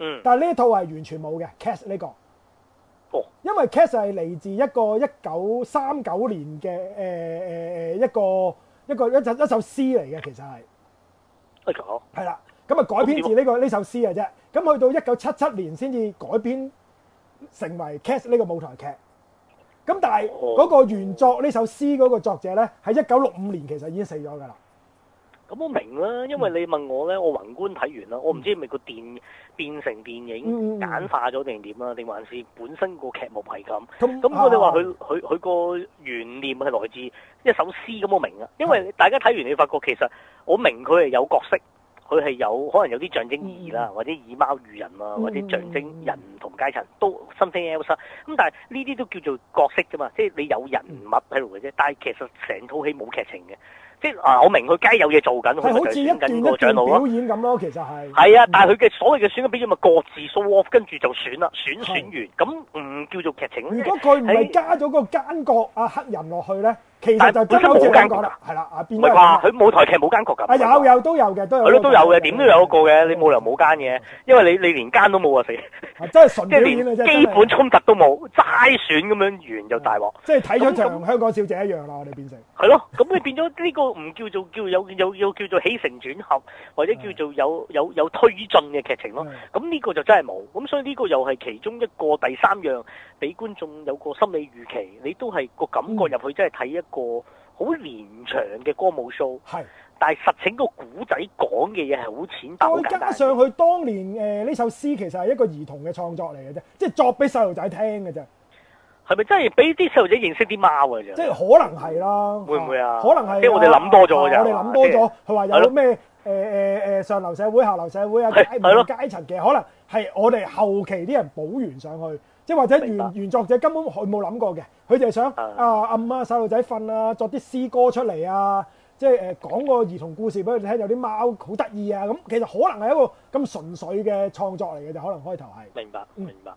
嗯，但係呢一套係完全冇嘅，Cats 呢個，哦，因為 Cats 係嚟自一個一九三九年嘅誒誒誒一個一個一集一首詩嚟嘅，其實係，係、哦、咁，係啦，咁啊改編自呢、這個呢、哦、首詩嘅啫，咁去到一九七七年先至改編成為 Cats 呢個舞台劇，咁但係嗰個原作呢首詩嗰個作者咧，喺一九六五年其實已經死咗噶啦。咁我明啦，因為你問我咧，我宏觀睇完啦，我唔知係咪個電變成電影簡化咗定點啦，定還是本身個劇目係咁。咁我哋話佢佢佢個原念係來自一首詩咁，我明啊。因為大家睇完，你發覺其實我明佢係有角色，佢係有可能有啲象徵意義啦、嗯，或者以貓喻人啊，或者象徵人唔同階層都 something else。咁但係呢啲都叫做角色啫嘛，即係你有人物喺度嘅啫。但係其實成套戲冇劇情嘅。即係啊！我明佢街有嘢做緊，佢就選緊個長老咯。一段一段表演咁咯，其實係係啊，但係佢嘅所謂嘅選舉表演咪各自 show off，跟住就選啦，選選完咁唔、嗯、叫做劇情。如果佢唔係加咗個奸角黑人落去咧？其實就，就本身冇奸角啦，係啦，啊變咗唔係啩？佢舞台劇冇奸角㗎。有有都有嘅，都有。係咯，都有嘅，點都有一個嘅。你冇理由冇奸嘅？因為你你連奸都冇啊！死， 真係純表演啊！即係連基本衝突都冇，齋選咁樣完就大鑊。即係睇咗就同香港小姐一樣啦，我哋變成係咯。咁你變咗呢個唔叫做叫有有有叫做起承轉合，或者叫做有有有推進嘅劇情咯。咁呢個就真係冇。咁所以呢個又係其中一個第三樣俾觀眾有個心理預期，你都係個感覺入去，真係睇一個好連長嘅歌舞 show，係，但係實情個古仔講嘅嘢係好淺。再加上佢當年誒呢、呃、首詩其實係一個兒童嘅創作嚟嘅啫，即、就、係、是、作俾細路仔聽嘅啫。係咪真係俾啲細路仔認識啲貓嘅啫？即、就、係、是、可能係啦，啊、會唔會啊？可能係、啊，因為我哋諗多咗啊，啊！我哋諗多咗。佢話有咩誒誒誒上流社會、下流社會啊？係係咯，階層嘅可能係我哋後期啲人補完上去。即係或者原原作者根本佢冇諗過嘅，佢就係想、嗯、啊暗啊細路仔瞓啊，作啲詩歌出嚟啊，即係誒講個兒童故事俾佢哋聽，有啲貓好得意啊咁，其實可能係一個咁純粹嘅創作嚟嘅，就可能開頭係。明白，明白。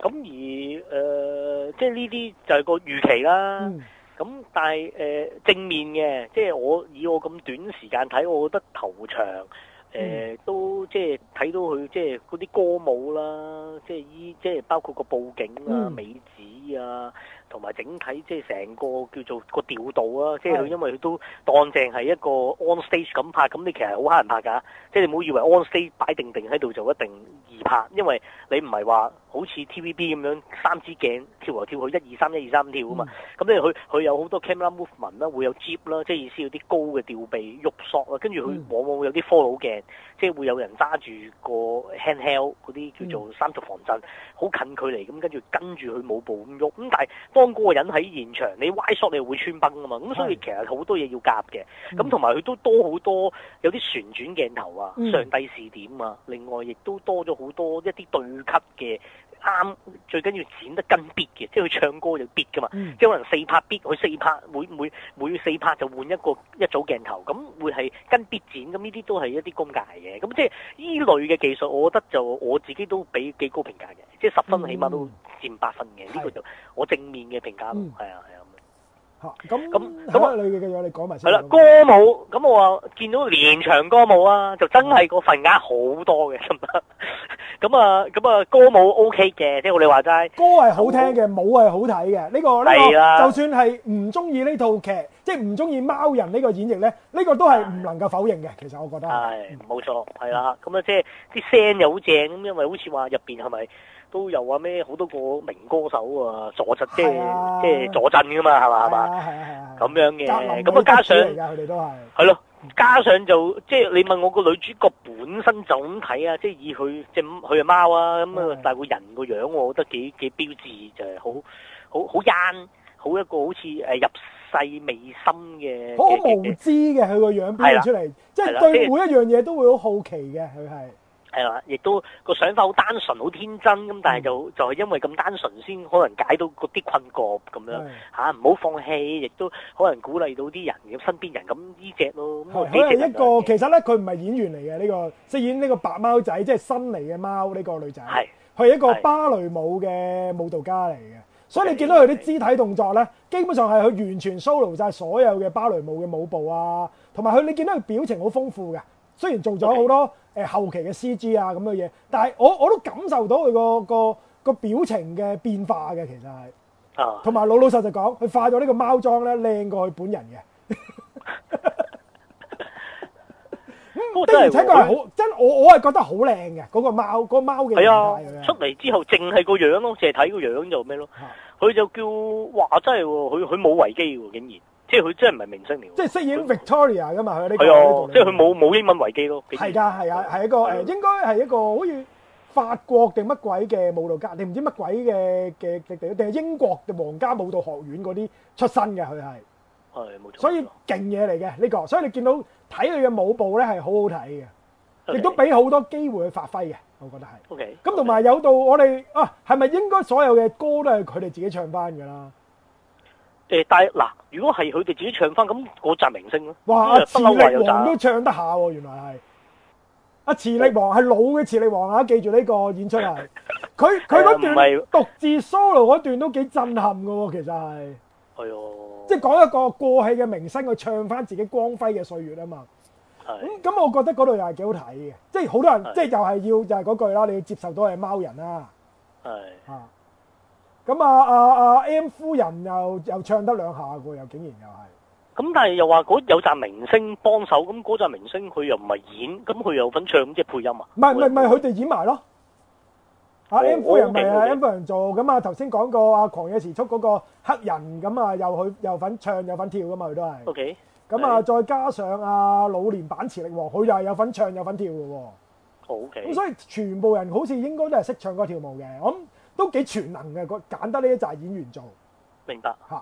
咁、嗯、而誒、呃，即係呢啲就係個預期啦。咁、嗯、但係誒、呃、正面嘅，即係我以我咁短時間睇，我覺得頭長。誒、嗯、都即係睇到佢即係嗰啲歌舞啦，即係依即係包括個佈景啊、嗯、美指啊，同埋整體即係成個叫做個調度啊，即係佢因為佢都當正係一個 on stage 咁拍，咁你其實好難拍㗎，即、就、係、是、你唔好以為 on stage 擺定定喺度就一定易拍，因為你唔係話。好似 T.V.B. 咁樣三支鏡跳來跳去，一二三，一二三跳啊嘛！咁咧佢佢有好多 camera movement 啦，會有 jib 啦，即係意思有啲高嘅吊臂喐索啦，跟住佢往往會有啲 follow 鏡，即係會有人揸住個 handheld 嗰啲叫做三軸防震，好、嗯、近距離咁跟住跟住佢舞步咁喐。咁但係當個人喺現場，你歪 shot 你會穿崩啊嘛！咁所以其實好多嘢要夾嘅。咁同埋佢都多好多有啲旋轉鏡頭啊、上帝視點啊。嗯、另外亦都多咗好多一啲對級嘅。啱，最緊要剪得跟 beat 嘅，即係佢唱歌就 beat 㗎嘛，嗯、即係可能四拍 beat，佢四拍每每每四拍就換一個一組鏡頭，咁會係跟 beat 剪，咁呢啲都係一啲公界嘅，咁即係呢類嘅技術，我覺得就我自己都俾幾高評價嘅，即係十分起碼都佔八分嘅，呢、嗯這個，就我正面嘅評價，係啊係啊。吓，咁咁咁啊你嘅嘢你講埋先係啦、啊、歌舞，咁我話見到連場歌舞啊，就真係個份額好多嘅。咁啊咁啊歌舞 O K 嘅，即係我哋話齋歌係好聽嘅，舞係好睇嘅。呢個呢、呢個、啊、就算係唔中意呢套劇，即係唔中意貓人呢個演繹咧，呢個都係唔能夠否認嘅。其實我覺得係冇錯係啦，咁啊即係啲聲又好正，咁因為好似話入邊係咪？都有話咩好多個名歌手啊，助陣、啊、即係即係助陣噶嘛，係嘛係嘛咁樣嘅。咁啊，啊啊啊啊啊加上咯、嗯，加上就即係你問我個女主角本身就咁睇啊！即係以佢即係佢啊貓啊咁啊但係個人個樣，我覺得幾、啊、幾標誌就係好好好奸，好一個好似入世未深嘅。好無知嘅佢個樣表現出嚟，即係、啊就是、對每一樣嘢都會好好奇嘅佢係。係啦，亦都個想法好單純，好天真咁，但係就就係因為咁單純，先可能解到嗰啲困局咁樣吓，唔好放棄，亦都可能鼓勵到啲人，身邊人咁呢隻咯。佢係一個，其實咧佢唔係演員嚟嘅呢個，飾演呢個白貓仔，即係新嚟嘅貓呢個女仔，係佢係一個芭蕾舞嘅舞蹈家嚟嘅，所以你見到佢啲肢體動作咧，基本上係佢完全 solo 晒所有嘅芭蕾舞嘅舞步啊，同埋佢你見到佢表情好豐富嘅，雖然做咗好多。誒，後期嘅 CG 啊，咁嘅嘢，但係我我都感受到佢個個個表情嘅變化嘅，其實係，同埋老老實實講，佢化咗呢個貓妝咧，靚過佢本人嘅。咁，的而且確係好，真我我係覺得好靚嘅，嗰個貓嗰個貓嘅係啊，出嚟之後淨係個樣咯，淨係睇個樣就咩咯，佢就叫，話，真係喎，佢佢冇危機嘅竟然。即係佢真係唔係明星嚟，即係飾演 Victoria 噶嘛佢呢個？係啊，即係佢冇冇英文維基咯。係㗎，係啊，係一個誒，應該係一個好似法國定乜鬼嘅舞蹈家，定唔知乜鬼嘅嘅嘅地方，定係英國皇家舞蹈學院嗰啲出身嘅佢係。係冇錯。所以勁嘢嚟嘅呢個，所以你見到睇佢嘅舞步咧係好好睇嘅，亦都俾好多機會去發揮嘅，我覺得係。OK。咁同埋有到我哋啊，係咪應該所有嘅歌都係佢哋自己唱翻㗎啦？誒、呃，但嗱，如果係佢哋自己唱翻，咁嗰紮明星咯。哇，阿磁力王都唱得下喎、啊，原來係。阿、啊、磁力王係老嘅磁力王啊，記住呢個演出係佢佢嗰段獨、呃、自 solo 嗰段都幾震撼噶、啊，其實係。係、哦、即係講一個過氣嘅明星，去唱翻自己光輝嘅歲月啊嘛。係。咁、嗯、咁，我覺得嗰度又係幾好睇嘅，即係好多人，即係又係要就係、是、嗰句啦，你要接受到係貓人啦、啊。係。啊。咁啊啊啊 M 夫人又又唱得兩下喎，又竟然又係咁，但係又話嗰有紮明星幫手，咁嗰紮明星佢又唔係演，咁佢又份唱，咁即係配音啊？唔係唔係唔係，佢哋演埋咯。啊 M 夫人咪啊 M 夫人做咁啊，頭先講過啊狂野時速嗰個黑人，咁啊又佢又份唱又份跳噶嘛，佢都係。O K。咁啊，再加上啊老年版磁力王，佢又係有份唱有份跳嘅喎。O K。咁所以全部人好似應該都係識唱歌跳舞嘅，咁。都幾全能嘅，佢揀得呢一紮演員做，明白吓。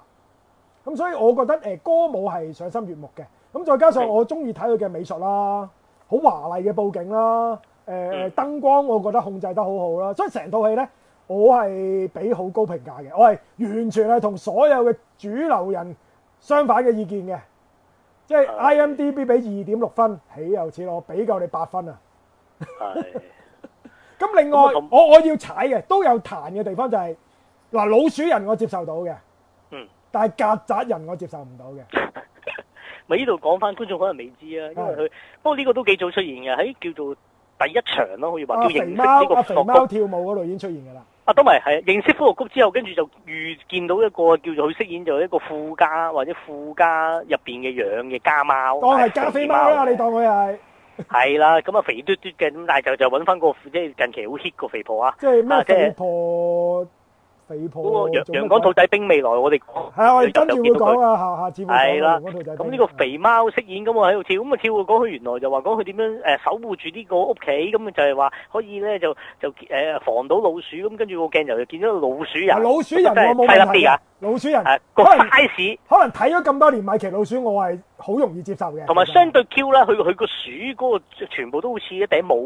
咁、啊、所以我覺得誒、呃，歌舞係賞心悅目嘅。咁再加上我中意睇佢嘅美術啦，好華麗嘅布景啦，誒、呃、燈、嗯、光我覺得控制得好好啦。所以成套戲呢，我係俾好高評價嘅。我係完全係同所有嘅主流人相反嘅意見嘅。即、就、係、是、IMDB 俾二點六分，豈有此理？我俾夠你八分啊！哎 咁另外，嗯、我我要踩嘅都有彈嘅地方就係、是、嗱，老鼠人我接受到嘅，嗯，但係曱甴人我接受唔到嘅。咪呢度講翻觀眾可能未知啊，因為佢，不過呢個都幾早出現嘅喺叫做第一場咯，可以話、啊、叫認識呢、這個伏菊、這個、跳舞嗰度已經出現噶啦。啊都咪係啊，認識伏菊之後，跟住就遇見到一個叫做佢飾演就一個富家或者富家入邊嘅養嘅家貓，當係加菲貓啦、啊啊，你當佢係。係 啦，咁啊肥嘟嘟嘅，咁但係就就揾翻個即係近期好 hit 個肥婆，肥婆啊，即係咩？即肥婆，肥婆。嗰個《陽陽光兔仔兵》未來我哋講，係啊，我哋跟住講啊，下下節係啦，咁呢個肥貓飾演咁我喺度跳，咁啊跳，講佢原來就話講佢點樣誒守護住呢個屋企，咁就係、是、話可以咧就就誒防到老鼠，咁跟住個鏡頭就見到老鼠人，老鼠人我冇問題啊老鼠人，個差事可能睇咗咁多年米奇老鼠，我係。好容易接受嘅，同埋相對 Q 啦，佢佢個鼠嗰個全部都好似一頂帽，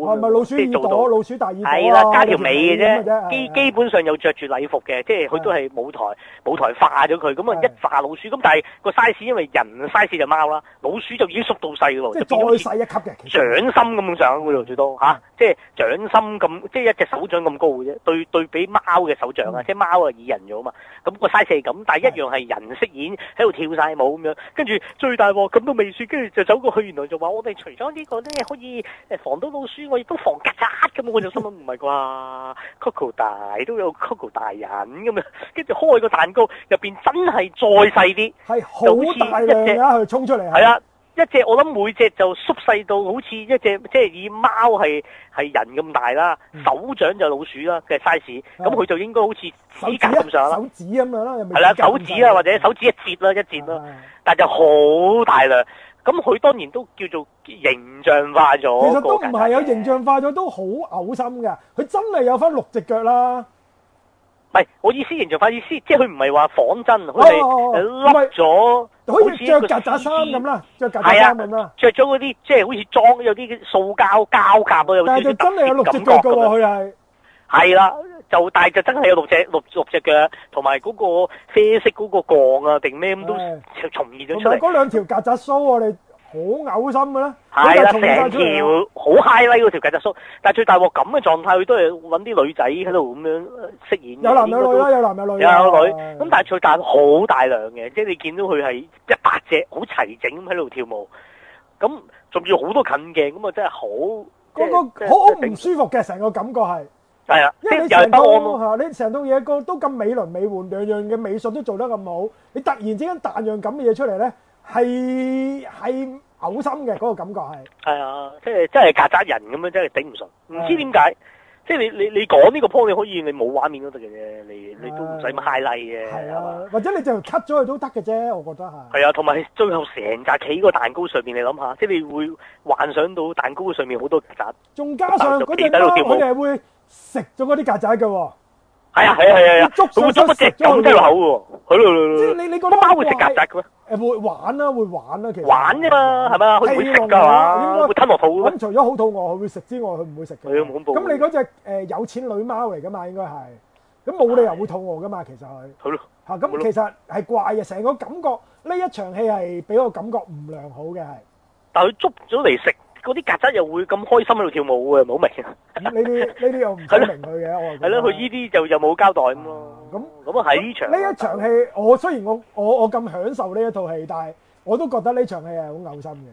即、啊、係做到老鼠大耳朵、啊、啦，加條尾嘅啫，基基本上又着住禮服嘅，即係佢都係舞台舞台化咗佢，咁啊一化老鼠，咁但係個 size 因為人 size 隻貓啦，老鼠就已經縮到細嘅喎，即係再細一級嘅掌心咁上嗰度最多嚇，即係掌心咁，即係一隻手掌咁高嘅啫，對對比貓嘅手掌啊，即係貓啊擬人咗啊嘛，咁個 size 係咁，但係一樣係人飾演喺度跳晒舞咁樣，跟住最大。咁都未算，跟住就走過去，原來就話我哋除咗呢個咧可以防到老鼠，我亦都防曱甴。咁，我就心諗唔係啩，Coco 大都有 Coco 大人咁樣，跟住開個蛋糕，入邊真係再細啲，係好大、啊、就好似一隻去衝出嚟，係啦。一隻，我諗每隻就縮細到好似一隻，即係以貓係，係人咁大啦，嗯，手掌就老鼠啦嘅 size，咁佢就應該好似指甲咁上啦。手指咁樣啦，係啦，手指呀，或者手指一截啦，嗯，一截啦，嗯，但就好大量。咁，嗯，佢當然都叫做形象化咗。其實都唔係，有形象化咗都好嘔心㗎。佢真係有翻六隻腳啦。唔係，我意思形象化意思是，即係佢唔係話仿真，佢哋笠咗，好似着曱甴衫咁啦，着曱甴衫咁啦，着咗嗰啲即係好似裝有啲塑膠膠夾啊，有啲真實感覺佢係，係啦，就但係就真係有六隻、啊、六隻六隻腳，同埋嗰個啡色嗰個槓啊，定咩咁都重現咗出嚟，同埋嗰兩條曱甴鬚我哋。好嘔心嘅，啦係啦，成條好 high 啦！呢條計只叔，但係最大鑊咁嘅狀態，佢都係搵啲女仔喺度咁樣飾演。有男有女啦，有男有女有男女，女。有女咁，但係佢帶好大量嘅，即係你見到佢係一百隻好齊整咁喺度跳舞，咁仲要好多近鏡咁啊！真係好，那個個好唔舒服嘅成個感覺係。係啊，因為你成套你成套嘢，個都咁美輪美奐，兩樣嘅美術都做得咁好，你突然之間彈樣咁嘅嘢出嚟咧。係係嘔心嘅嗰、那個感覺係係啊，即係真係曱甴人咁樣，真係頂唔順，唔知點解。啊、即係你你你講呢個 point，你，你可以你冇畫面都得嘅啫，你你，你都唔使咁 highlight 嘅，係啊，或者你就 cut 咗佢都得嘅啫，我覺得係係啊，同埋最後成架企個蛋糕上面，你諗下，即係你會幻想到蛋糕上面好多曱甴，仲加上嗰隻貓，佢哋係會食咗嗰啲曱甴嘅。係啊，係啊，係啊，係啊，佢會捉一隻咁滯落口喎，好咯。即係你你覺得貓會食曱甴嘅咩？誒，會玩啦，會玩啦，其實。玩啫嘛，係咪啊？佢唔會食噶嘛，應該會吞落肚咯。咁除咗好肚餓，佢會食之外，佢唔會食嘅。咁恐怖！咁你嗰隻誒有錢女貓嚟噶嘛？應該係，咁冇理由會肚餓噶嘛？其實佢。好咯。吓，咁其實係怪嘅，成個感覺呢一場戲係俾我感覺唔良好嘅係。但係佢捉咗嚟食。嗰啲曱甴又會咁開心喺度跳舞嘅，唔好明。呢啲呢啲又唔明佢嘅，我係。係咯，佢依啲就就冇交代咁咯。咁咁啊，喺呢場。呢一場戲，我雖然我我我咁享受呢一套戲，但係我都覺得呢場戲係好嘔心嘅。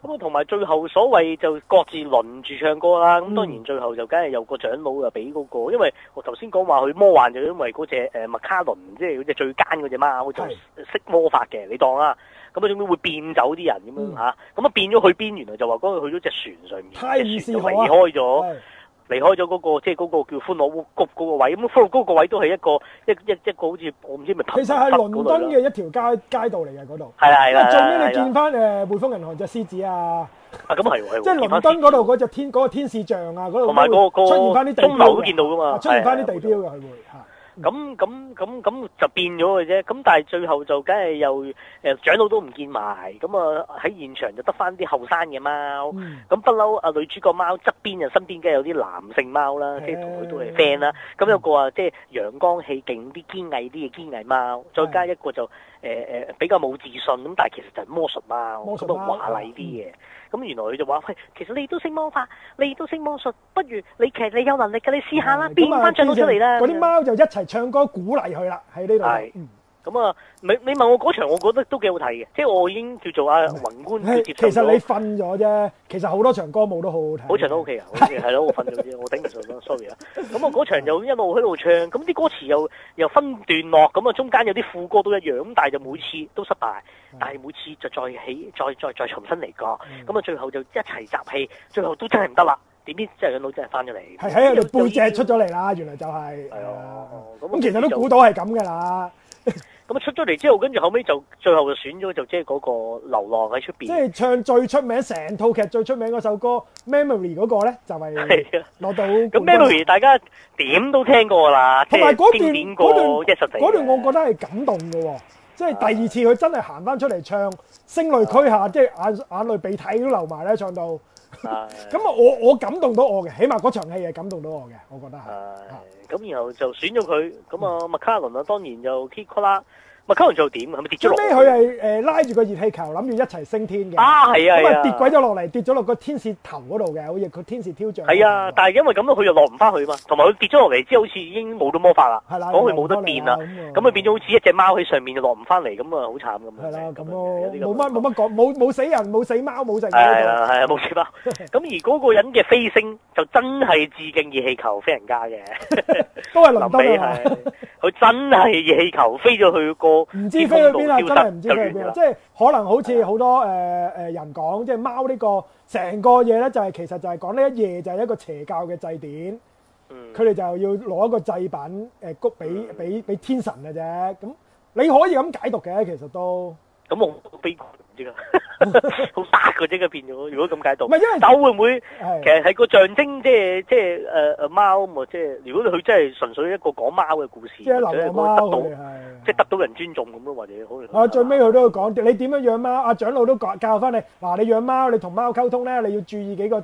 咁啊，同埋最後所謂就各自輪住唱歌啦。咁當然最後就梗係有個長老就俾嗰個，因為我頭先講話佢魔幻就因為嗰隻誒麥卡倫，即係嗰隻最奸嗰隻貓，識魔法嘅，你當啦。咁啊，總之會變走啲人咁樣嚇，咁啊變咗去邊？原來就話嗰日去咗隻船上面，意思就離開咗，離開咗嗰、那個即係嗰個叫歡樂谷嗰個位，咁歡樂谷嗰個位都係一個一一一個好似我唔知咪。其實係倫敦嘅一條街街道嚟嘅嗰度，因為最屘你見翻誒匯豐銀行隻獅子啊，啊咁係喎，即、嗯、係、就是、倫敦嗰度嗰隻天嗰、那個那個天使像啊，同埋、那個、會出現翻啲鐘樓都見到噶嘛，啊、出現翻啲地標嘅咁咁咁咁就變咗嘅啫，咁但係最後就梗係又誒長老都唔見埋，咁啊喺現場就得返啲後生嘅貓，咁不嬲啊女主角貓側邊就身邊梗係有啲男性貓啦，即係同佢都係 friend 啦、嗯，咁有個啊即係陽光氣勁啲堅毅啲嘅堅毅貓，再加一個就。嗯誒、呃、比較冇自信咁，但其實就係魔術嘛，魔術都華麗啲嘅。咁、嗯、原來佢就話，喂，其實你都識魔法，你都識魔術，不如你其實你有能力嘅，你試下啦，嗯，變翻張圖出嚟啦。嗰啲貓就一齊唱歌鼓勵佢啦，喺呢度。嗯嗯咁啊，你你問我嗰場，我覺得都幾好睇嘅，即係我已經叫做啊宏觀接受咗。其實你瞓咗啫，其實好多場歌舞都好好睇。好場都 OK 啊，好似係咯， 我瞓咗啲，我頂唔順咯，sorry 啊。咁啊，嗰場又一路喺度唱，咁啲歌詞又又分段落，咁啊中間有啲副歌都一樣，咁但係就每次都失敗，但係每次就再起，再再再重新嚟過，咁、嗯、啊最後就一齊集氣，最後都真係唔得啦，點知真係養老真係翻咗嚟。係喺佢背脊出咗嚟啦，原來就係、是。係咁、哎嗯嗯、其實都估到係咁噶啦。咁 啊出咗嚟之後，跟住後尾就最後就選咗就即係嗰個流浪喺出邊，即係唱最出名，成套劇最出名嗰首歌《Memory》嗰個咧就係攞到。咁《Memory，就是冠冠》，大家點都聽過啦，同埋經典，過，實嗰段我覺得係感動噶，即係第二次佢真係行翻出嚟唱《 聲淚俱下》，即係眼眼淚鼻涕都流埋咧，唱到。咁 啊，我我感動到我嘅，起碼嗰場戲係感動到我嘅，我覺得係。咁、嗯、然後就選咗佢，咁啊麥卡倫啊，當然就 K call 啦。咪可能做點，係咪跌咗落？最尾佢係誒拉住個熱氣球，諗住一齊升天嘅。啊，係啊，係啊！係跌鬼咗落嚟，跌咗落個天使頭嗰度嘅，好似個天使雕像。係啊，但係因為咁啊，佢又落唔返去嘛。同埋佢跌咗落嚟之後，啊啊、好似已經冇咗魔法啦。係啦，講佢冇得變啦。咁佢變咗好似一隻貓喺上面，就落唔返嚟咁啊，好慘咁啊！啦，咁冇乜冇乜講，冇冇死人，冇死貓，冇剩。係啦，係啊，冇、啊、死啦。咁 而嗰個人嘅飛升就真係致敬熱氣球飛人家嘅， 都係倫。林佢真係熱氣球飛咗去過。唔知飛去邊啊！真係唔知飛去邊啊！即係可能好似好多誒誒、呃呃、人講，即係貓呢、這個成個嘢咧、就是，就係其實就係講呢一夜就係一個邪教嘅祭典，佢、嗯、哋就要攞一個祭品誒谷俾俾俾天神嘅啫。咁你可以咁解讀嘅，其實都。咁我悲觀唔知啦，好突嘅啫，變咗。如果咁解到，唔係因為貓會唔會其實係個象徵？即係即係誒誒貓，我即係如果佢真係純粹一個講貓嘅故事，即係留貓，即係得到人尊重咁咯，或者可能。啊，最尾佢都講你點樣養貓？阿長老都教教翻你。嗱，你養貓，你同貓溝通咧，你要注意幾個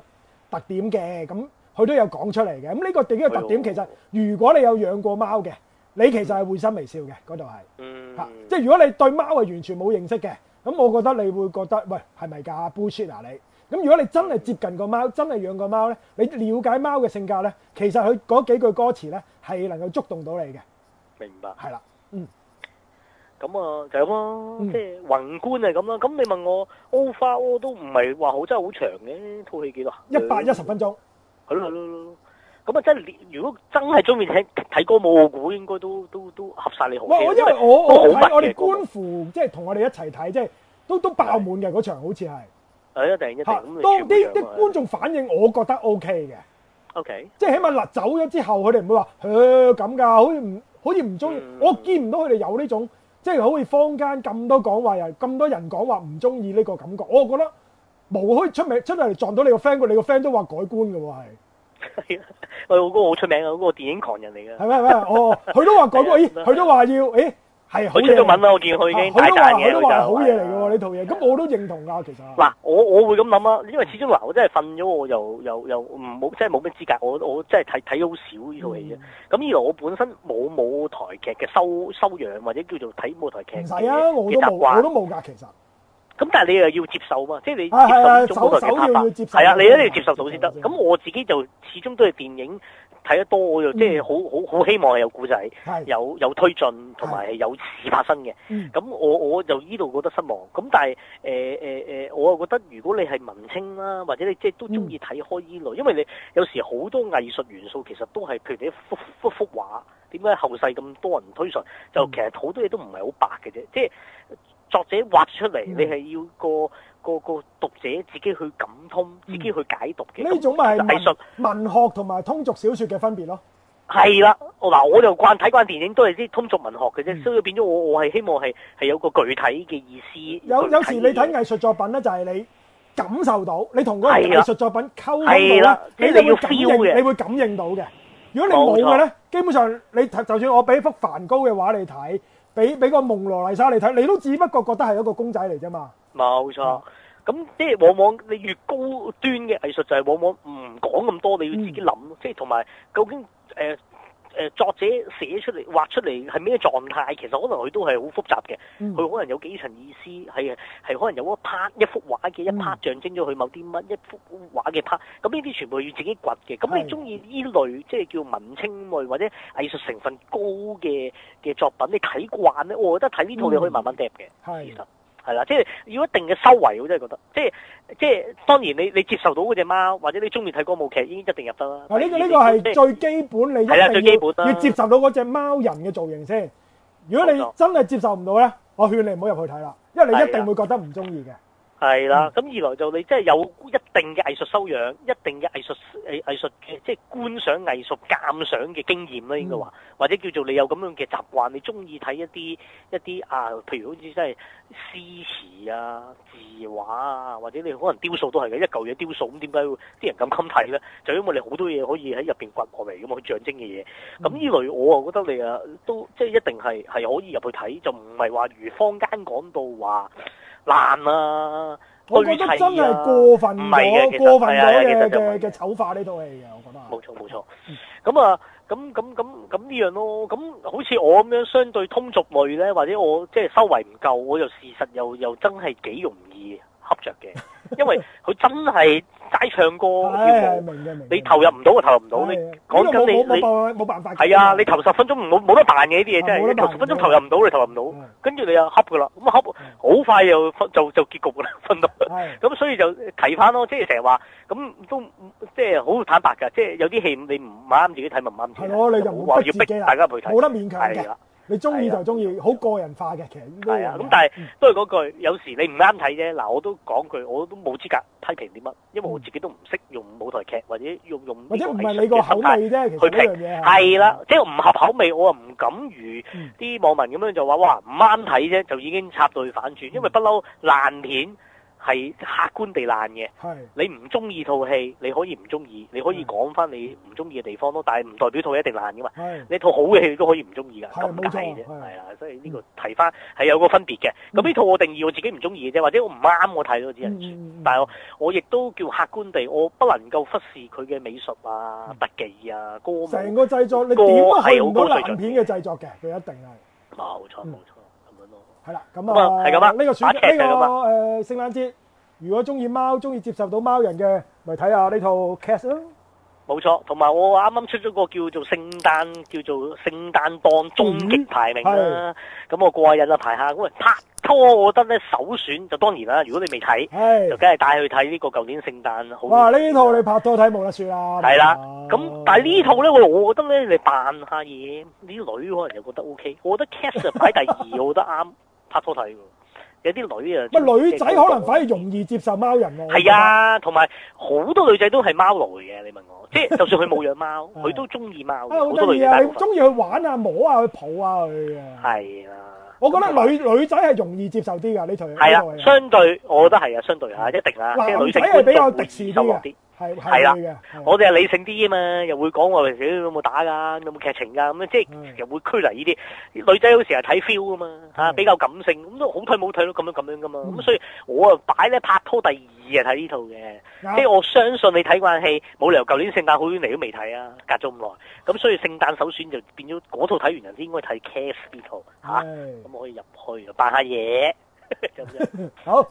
特點嘅。咁佢都有講出嚟嘅。咁呢個第一個特點，其實如果你有養過貓嘅。你其實係會心微笑嘅，嗰度係嚇。即、嗯、係如果你對貓係完全冇認識嘅，咁我覺得你會覺得，喂，係咪㗎？Bullshit，啊、你咁如果你真係接近個貓，真係養個貓咧，你了解貓嘅性格咧，其實佢嗰幾句歌詞咧係能夠觸動到你嘅。明白。係啦。嗯。咁啊，就係咁啦。即係宏觀啊，咁啦。咁你問我 overall 都唔係話好真係好長嘅，套戲幾多、啊？一百一十分鐘。係、嗯、咯。咁啊，如果真係中意睇睇歌舞，我估應該都都都合晒你好。哇！我，我因為我我觀乎、即係、我哋觀乎，即係同我哋一齊睇，即係都都爆滿嘅嗰場好，好似係。係一場當當啲啲觀眾反應，我覺得 O K 嘅。O K。即係起碼嗱，走咗之後，佢哋唔會話，嚇咁㗎，好似唔好似唔中意。我見唔到佢哋有呢種，即、就、係、是、好似坊間咁多講話人，又咁多人講話唔中意呢個感覺。我覺得無可以出名，出嚟撞到你個 friend，你個 friend 都話改觀嘅喎，係。係，佢嗰個好出名啊，嗰、嗰個電影狂人嚟噶。係咩咩？哦，佢都話講過，咦？佢都話要，誒，係好嘢。佢出咗文啦，我見佢已經大贊、啊、都係好嘢嚟噶呢套嘢。咁、哎、我都認同噶，其實。嗱，我我會咁諗啊，因為始終嗱，我真係瞓咗，我又又又唔好真係冇咩資格。我我真係睇睇好少呢套戲嘅。咁依度我本身冇舞台劇嘅修修養或者叫做睇舞台劇嘅嘅習慣。我都冇，我都冇噶，其實。咁但係你又要接受嘛？即係你接受呢種舞台，係啊，你一定要接受到先得。咁、嗯、我自己就始終都係電影睇得多，嗯、我就即係好好好希望係有故仔、嗯，有有推進同埋有事發生嘅。咁、嗯、我我就依度覺得失望。咁但係誒誒誒，我又覺得如果你係文青啦、啊，或者你即係都中意睇開依類、嗯，因為你有時好多藝術元素其實都係，譬如你一幅幅畫，點解後世咁多人推崇？就其實好多嘢都唔係好白嘅啫、嗯，即係。作者畫出嚟，你係要個個個讀者自己去感通，自己去解讀嘅。呢種咪係藝術、文學同埋通俗小說嘅分別咯。係啦，嗱，我就慣睇慣電影，都係啲通俗文學嘅啫，所以變咗我我係希望係係有個具體嘅意思。有有時你睇藝術作品咧，就係你感受到，你同嗰個藝術作品溝通到咧，你會感應，你會感應到嘅。如果你冇嘅咧，基本上你就算我俾幅梵高嘅畫你睇。俾俾個蒙羅麗莎你睇，你都只不過覺得係一個公仔嚟啫嘛。冇錯，咁即係往往你越高端嘅藝術就係往往唔講咁多，你要自己諗。即係同埋究竟誒。呃誒作者寫出嚟畫出嚟係咩狀態？其實可能佢都係好複雜嘅，佢、嗯、可能有幾層意思係係可能有一 part 一、嗯、一幅畫嘅 part 象徵咗佢某啲乜一幅畫嘅 part。咁呢啲全部要自己掘嘅。咁你中意呢類即係叫文青類或者藝術成分高嘅嘅作品，你睇慣咧，我覺得睇呢套你可以慢慢入嘅，其、嗯、實。係啦，即係要一定嘅修為，我真係覺得，即係即係當然你你接受到嗰隻貓，或者你中意睇歌舞劇，已經一定入得啦。嗱，呢個呢個係最基本，你係最基本要接受到嗰隻貓人嘅造型先。如果你真係接受唔到咧，我勸你唔好入去睇啦，因為你一定會覺得唔中意嘅。係啦，咁二來就你真係有一定嘅藝術修養，一定嘅藝術藝術即係觀賞藝術鑑賞嘅經驗啦，應該話，或者叫做你有咁樣嘅習慣，你中意睇一啲一啲啊，譬如好似真係詩詞啊、字畫啊，或者你可能雕塑都係嘅，一嚿嘢雕塑，咁點解會啲人咁襟睇咧？就因為你好多嘢可以喺入邊掘過嚟咁去象徵嘅嘢。咁呢類我啊覺得你啊都即係一定係係可以入去睇，就唔係話如坊間講到話。爛啦、啊！我覺得真係過分唔咗、啊，過分咗嘅嘅醜化呢套戲嘅，我咁啊。冇錯冇錯，咁啊，咁咁咁咁呢樣咯。咁好似我咁樣相對通俗類咧，或者我即係、就是、收圍唔夠，我又事實又又真係幾容易恰着嘅。 因為佢真係齋唱歌，哎，你投入唔到就投入唔到，哎。你講緊你你冇辦法，係啊，你投十分鐘冇冇得彈嘅呢啲嘢，真係。你投十分鐘投入唔到你投入唔到，跟，哎，住你又恰噶啦。咁啊恰，好快又就就，就結局噶啦，瞓到。咁，哎，所以就提翻咯，即係成日話咁都即係好坦白噶，即，就，係，是，有啲戲你唔啱自己睇咪唔啱睇，唔好話要逼大家陪睇，冇得勉你中意就中意，好、啊、個人化嘅，其實應該係啊。咁但係、嗯、都係嗰句，有時你唔啱睇啫。嗱，我都講句，我都冇資格批評啲乜，因為我自己都唔識用舞台劇或者用用、呢個。或者唔係你個口味啫，其實去評係啦，即係唔合口味，我又唔敢如啲、嗯、網民咁樣就話哇唔啱睇啫，就已經插到去反轉，因為不嬲爛片。係客觀地爛嘅，你唔中意套戲，你可以唔中意，你可以講翻你唔中意嘅地方咯。但係唔代表套一定爛噶嘛，你套好嘅戲都可以唔中意噶，咁解啫。係啊、嗯，所以呢個睇翻係有個分別嘅。咁呢套我定義我自己唔中意嘅啫，或者我唔啱我睇到啲人住。但係我我亦都叫客觀地，我不能夠忽視佢嘅美術啊、特、嗯、技啊、歌。成個製作，你點都係好高水準嘅製作嘅，佢一定係。冇錯，冇錯。係啦，咁、嗯嗯、啊，呢、這個選呢、這個誒，聖誕節如果中意貓，中意接受到貓人嘅，咪睇下呢套 Cats 咯。冇錯，同埋，我啱啱出咗個叫做聖誕叫做聖誕檔終極排名啦。咁、嗯、我過癮啊，排下。咁拍拖，我覺得咧首選就當然啦。如果你未睇，就梗係帶去睇呢個舊年聖誕好。哇、啊！呢套你拍拖睇冇得算啊。係啦，咁但係呢套咧，我我覺得咧，你扮下嘢，啲女可能又覺得 O K。我覺得 Cats 擺第二，我覺得啱。拍拖睇喎，有啲女啊，咪女仔可能反而容易接受貓人喎。係啊，同埋好多女仔都係貓奴嚟嘅。你問我，即係就算佢冇養貓，佢都中意貓。好多女仔中意去玩啊、摸啊、去抱啊佢。係啊，我覺得女女仔係容易接受啲㗎。呢層係啊，相對我覺得係啊，相對啊，一定啊，即係女性觀眾接受落啲。係係啦，我哋係理性啲啊嘛，又會講我哋有冇打噶，有冇劇情噶咁樣，即係又會拘泥呢啲女仔。有時係睇 feel 啊嘛，吓、啊、比較感性，咁都好睇冇睇咯，咁樣咁樣噶嘛。咁、嗯、所以我啊擺咧拍拖第二啊睇呢套嘅，即係我相信你睇慣戲，冇理由舊年聖誕好遠嚟都未睇啊，隔咗咁耐。咁所以聖誕首選就變咗嗰套睇完人套，人先應該睇 Cats 呢套吓，咁、啊、可以入去扮下嘢。 好。